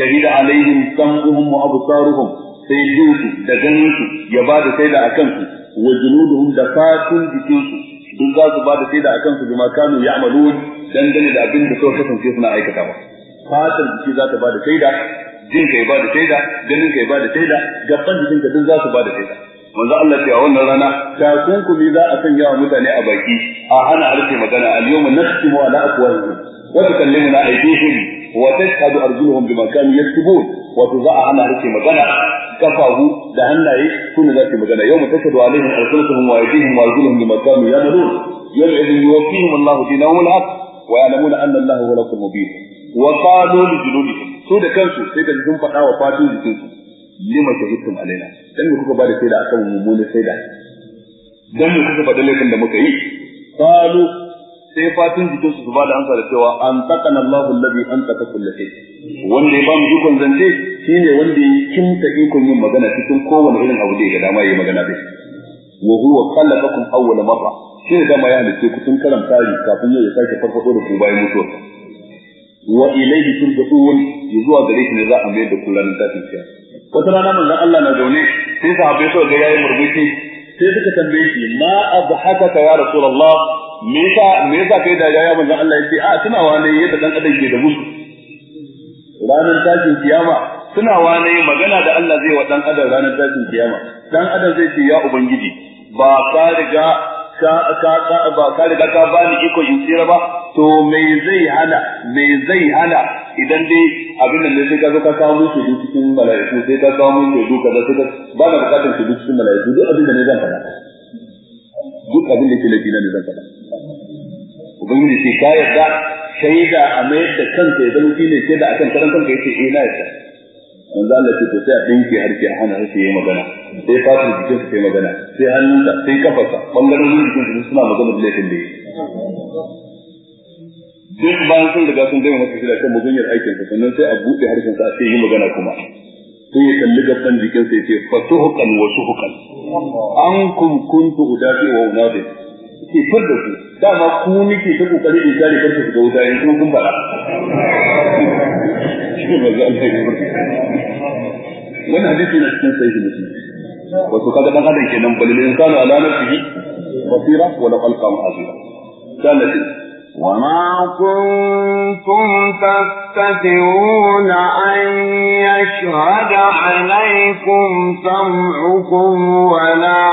shahida alaihim sam'uhum wa absaruhum sai su da su ya ba da sai da akan su wa junuduhum da fatun jikinsu In za su ba da shaida akan su bima kanu ya'malun dangane da abin da suka kasance suna aikata ba fatan jiki za ta ba da shaida jin ka ba da shaida ganin ka ba da shaida gaban jikin ka duk za su ba da shaida manzo Allah ce a wannan rana ta kunkumi za a sanya wa mutane a baki a hana harshe magana al-yawma nakhtimu ala mu wa tukallimuna aydihim wa tashhadu arjuluhum bima kanu yaktubun Wa za a hana rike magana kafahu da hannaye sun za su magana yau tashhadu alaihim arjuluhum wa aydihim wa arjuluhum bima kanu yamalun yawma idhin yuwaffihim Allahu dinahum al-haq wa ya'lamuna anna Allaha huwa al mubin wa qalu li juludihim su da kansu sai da sun faɗa wa fatin jikinsu lima shahidtum alaina dan me kuka ba da sai da akan mummunan sai da dan me kuka faɗa laifin da muka yi qalu sai fatun jikin su ba da amsa da cewa an taqana Allahu allazi an taqa kullu wanda ya ba dukan dukkan zance shine wanda ya kimta ikon yin magana cikin kowane irin abu da ya dama yayi magana da shi wa huwa khalaqakum awwal marra shine dama ya halice ku tun karan tari kafin ya sake farfado da ku bayan mutuwa wa ilayhi turja'un zuwa gare shi ne za a mai da ku ranar tashin wata rana manzon Allah na zaune sai sahabbai suka ga yayi murmushi sai suka tambaye shi ma abhakaka ya rasulullah me yasa me yasa kai da ya manzo Allah yace a tunawa ne yadda dan adam ke da musu ranar tashin kiyama tunawa ne magana da Allah zai wa dan adam ranar tashin kiyama dan adam zai ce ya ubangiji ba ka riga ka ka ka ba ka riga ka ba ni iko in tsira ba to me zai hana me zai hana idan dai abin nan sai ka zo ka kawo musu duk cikin mala'iku sai ka kawo musu duk kaza sai ba da bukatar su duk cikin mala'iku duk abin da ne zan faɗa duk abin da ke lafiya ne zan faɗa ubangiji shi ka yarda shaida a mayar da kansa ya zama shine shaida akan karan kanka yace eh na yarda manzo Allah ce to sai a dinki harke hana harke yayi magana sai fatar jikin sa sai magana sai hannun hannunsa sai kafarsa bangaren jikin sa suna magana da laifin da yake duk bayan sun riga sun gama masa shida kan mugunyar aikin sa sannan sai a buɗe harshen sa sai yi magana kuma sai ya kalli gaban jikin sa ya ce fasuhukan wasu suhukan an kun kuntu udafi wa unadi ke fur da ku dama ku nike ta kokari in kare su ga wuta yanzu kuma kun fara wani hadisi na cikin sai shi muslim wato kaga dan adam kenan balilin insanu ala nafsihi basira wa la qalqan azira sallati وما كنتم تستطيعون أن يشهد عليكم سمعكم ولا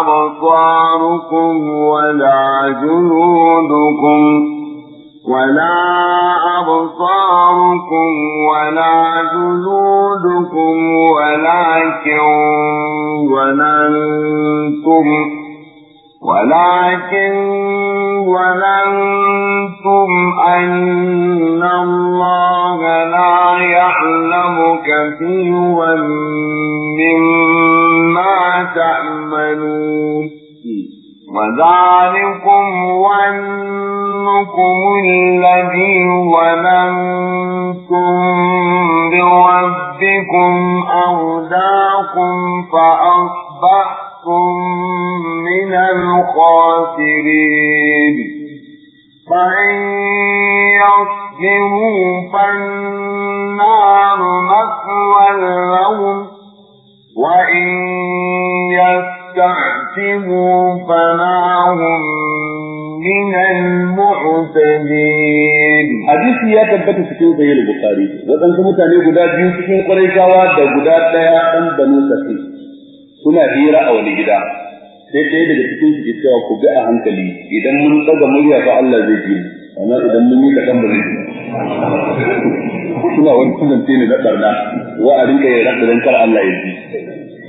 أبصاركم ولا جنودكم ولا أبصاركم ولا جلودكم ولكن ظننتم ولكن ظننتم أن الله لا يعلم كثيرا مما تعملون وذلكم ظنكم الذي ظننتم بربكم أوداكم فأ الخاسرين فإن يصبروا فالنار مثوى لهم وإن يستعتبوا فما هم من المعتدين حديث يا تبت سكين سيد البخاري وكان كما تاني غدا بيو سكين قريشاوا da guda daya dan banu safi suna hira a wani gida sai ɗaya daga cikin su ke cewa ku bi a hankali idan mun ɗaga murya fa Allah zai ji amma idan mun yi kaɗan ba zai ji suna wani zance ne na ɓarna wa a rinka yi don kar Allah ya ji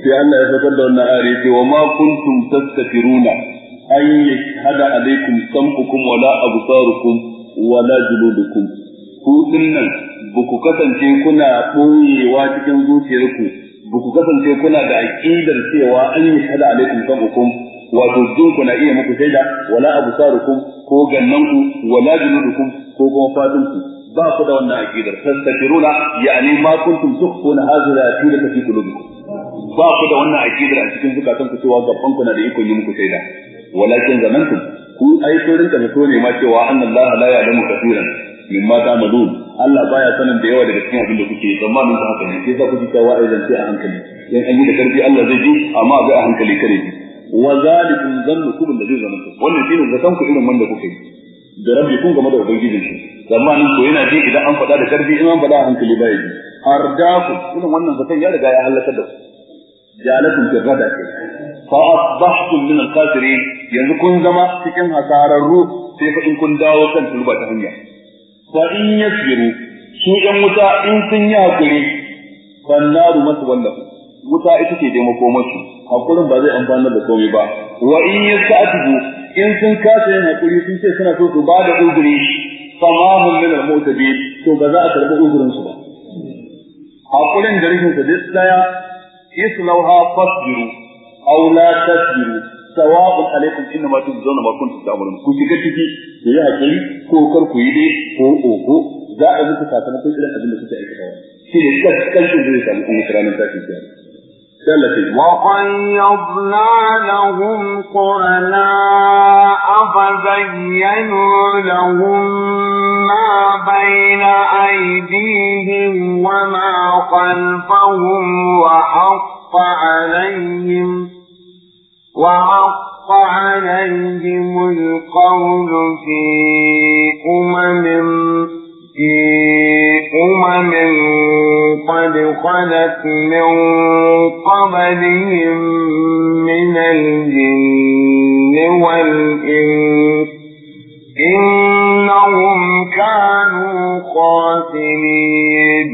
sai Allah ya sakar da wannan ari ce wa ma kuntum tastakiruna an yi yashhada alaikum sam'ukum wala absarukum wala juludukum ku dinnan ba ku kasance kuna ɓoyewa cikin zuciyarku ba ku kasance kuna da aƙidar cewa an yi shahada alaikum sabukum wato jin ku na iya muku shaida wala abu absarukum ko gannanku wala junudukum ko kuma fadinku ba ku da wannan aqidar tastakiruna yani ma kuntum tukhfuna hadhihi al-aqidata fi qulubikum ba ku da wannan aƙidar a cikin zukatanku cewa gaban ku na da ikon yi muku shaida walakin zamantum ku ai ko rinka zato ne ma cewa annallaha la ya'lamu kaseeran ma ta Madun. Allah baya sanin da yawa daga cikin abin da kuke zamanin da haka ne sai za ku ji cewa ai zance a hankali in an yi da karfi Allah zai ji amma a ga a hankali kare ji wa zalikum zannukum alladhi zanantum wannan shi ne zakan ku irin wanda kuke da rabbi kun game da ubangijin shi zamanin ko yana ji idan an faɗa da karfi in an faɗa a hankali baya ji ardaku irin wannan zakan ya riga ya halaka da ku jalakum fi ghada fa asbahtum min al-khasirin yanzu kun zama cikin hasararru sai fa in kun dawo kan turba ta hanya Wa in yasbiru su ɗan wuta in sun yi hakuri ban naru masu wallahu wuta ita ce dai makomarsu hakurin ba zai amfanar da komai ba wa in yasta'tibu in sun kasa yin hakuri sun ce suna so su ba da uzuri famahum min al-mu'tabin to ba za a karbi uzurin su ba hakurin da rikin sa duk daya islauha fasbiru aw la tasiru, سواء عليكم انما تجزون ما كنتم تعملون كو شيكا تيجي يا حكي كو كر كو يدي كو او كو ذا ابي كتابنا كل الى ابن كتابه ايتها في كل كل شيء كان في كلام تاتي وقيضنا لهم قرناء فزينوا لهم ما بين أيديهم وما خلفهم وحق عليهم وحق عليهم القول في أمم في أمم قد خلت من قبلهم من الجن والإنس إنهم كانوا خاسرين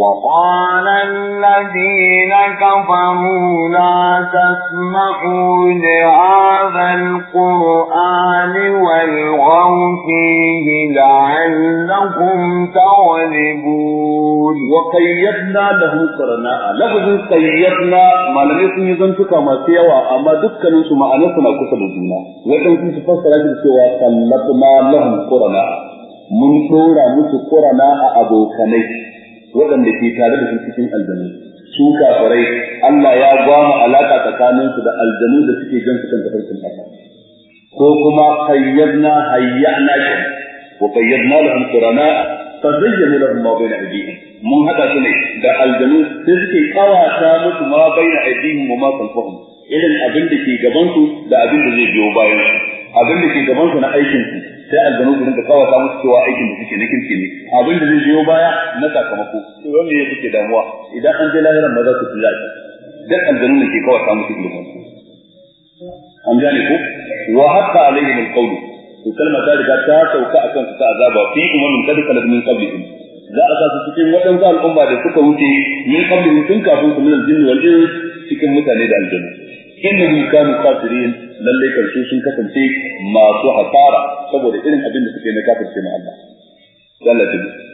وقال الذين كفروا لا تسمعوا لهذا القرآن والغوا فيه لعلكم تغلبون وقيدنا له قرناء لفظ قيدنا ما لم يكن يزنتك ما سيوا أما دكا نسو ما أنسنا كسل الدنيا وإن كنت فسر لك سوى سلطنا لهم قرناء من شورى مسو قرناء أبو كنيش waɗanda ke tare da su cikin aljanu su kafirai Allah ya gwama alaka tsakanin su da aljanu da suke jan su kan tafarkin haka ko kuma hayyana hayyana shi wa qayyadna lahum qurana fa zayyana lahum ma bayna aydihim mun hada su ne da aljanu sai suke kawata musu ma bayna aydihim wa ma khalfahum irin abin da ke gaban su da abin da zai biyo bayan su abin da ke gaban su na aikin su sai aljanu su rinka kawata musu cewa aikin da suke na kirki ne abin da zai biyo baya na sakamako to wanda ya suke damuwa idan an je lahiran maza su fi lafiya dan aljanu ne ke kawata musu ilimin su an gane ko wa hatta alaihim alqawl to kalma ta riga ta sauka akan su ta azaba fi umamin kad kalat min qablihim za a sa su cikin waɗansu al'umma da suka wuce min qablihim tun kafin su min aljinni wal ins cikin mutane da aljanu innahum kanu kafirin lalle karshe sun kasance masu hasara saboda irin abin da suke na kafirce ma Allah lalle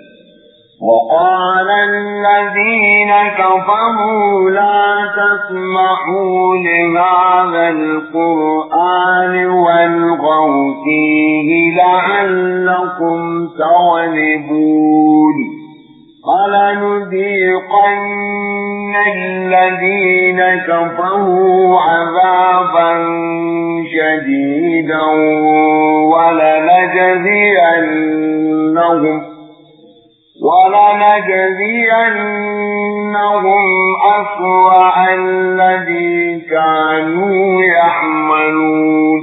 وقال الذين كفروا لا تسمعوا لهذا القرآن والغوا فيه لعلكم تغلبون فلنذيقن الذين كفروا عذابا شديدا ولنجزينهم ولنجزينهم أسوأ الذي كانوا يعملون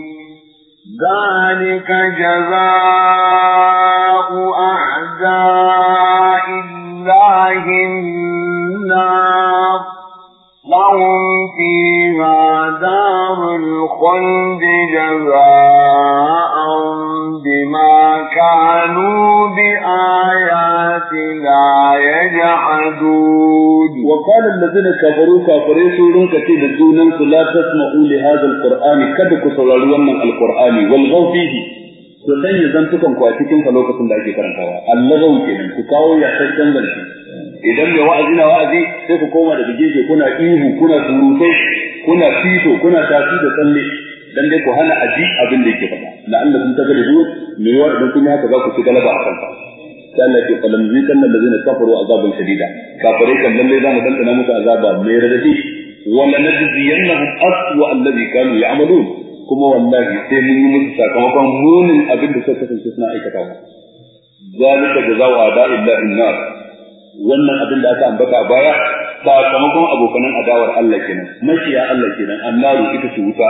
ذلك جزاء أعداء الله النار لهم فيها دار الخلد جزاء بما كانوا بآيات لا يجحدون وقال الذين كفروا كافرين سورون دون سورون لا تسمعوا لهذا القرآن كدك عليه وسلم القرآن والغوا فيه ku sanya zantukan ku a cikin sa lokacin da ake karantawa allazahu kenan ku kawo ya san zanci idan mai wa'azi na wa'azi sai ku koma da bige kuna ihu kuna surutai kuna fito kuna tafi da tsalle dan dai ku hana aji abin da yake faɗa la'allakum taghlibun me yawa idan kun yi haka za ku ci galaba a kanka sai Allah ke falam zikan nan da zai kafaru azabun shadida kafirai kan lalle za mu dantana musu azaba mai radadi wala najziyannahum aswa alladhi kanu ya'malun kuma wallahi sai mun yi musu sakamakon munin abin da suka kasance suna aikata mu zalika jazaa'u ada'illahi nar wannan abin da aka ambata a baya sakamakon abokanan adawar Allah kenan makiya Allah kenan annaru ita ce wuta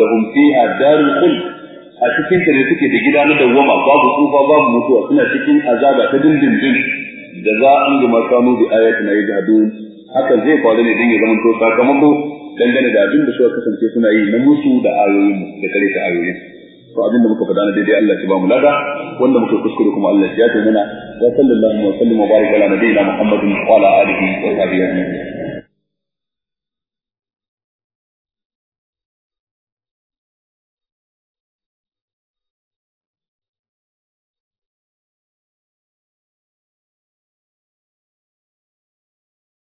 lahum fiha darul khuld a cikin ta ne suke da gida na dawwama babu tsufa babu mutuwa suna cikin azaba ta dindindin da za an gama kanu bi ayatina yajhadun hakan zai faru ne dan ya zama to dangane da abin da suka kasance suna yi na musu da ayoyin da kare ta ayoyin to abin da muka faɗa na daidai Allah ya ba mu lada wanda muka kuskure kuma Allah ya ta mana wa sallallahu wa sallam wa baraka ala nabiyina muhammadin wa ala alihi wa sahbihi ajma'in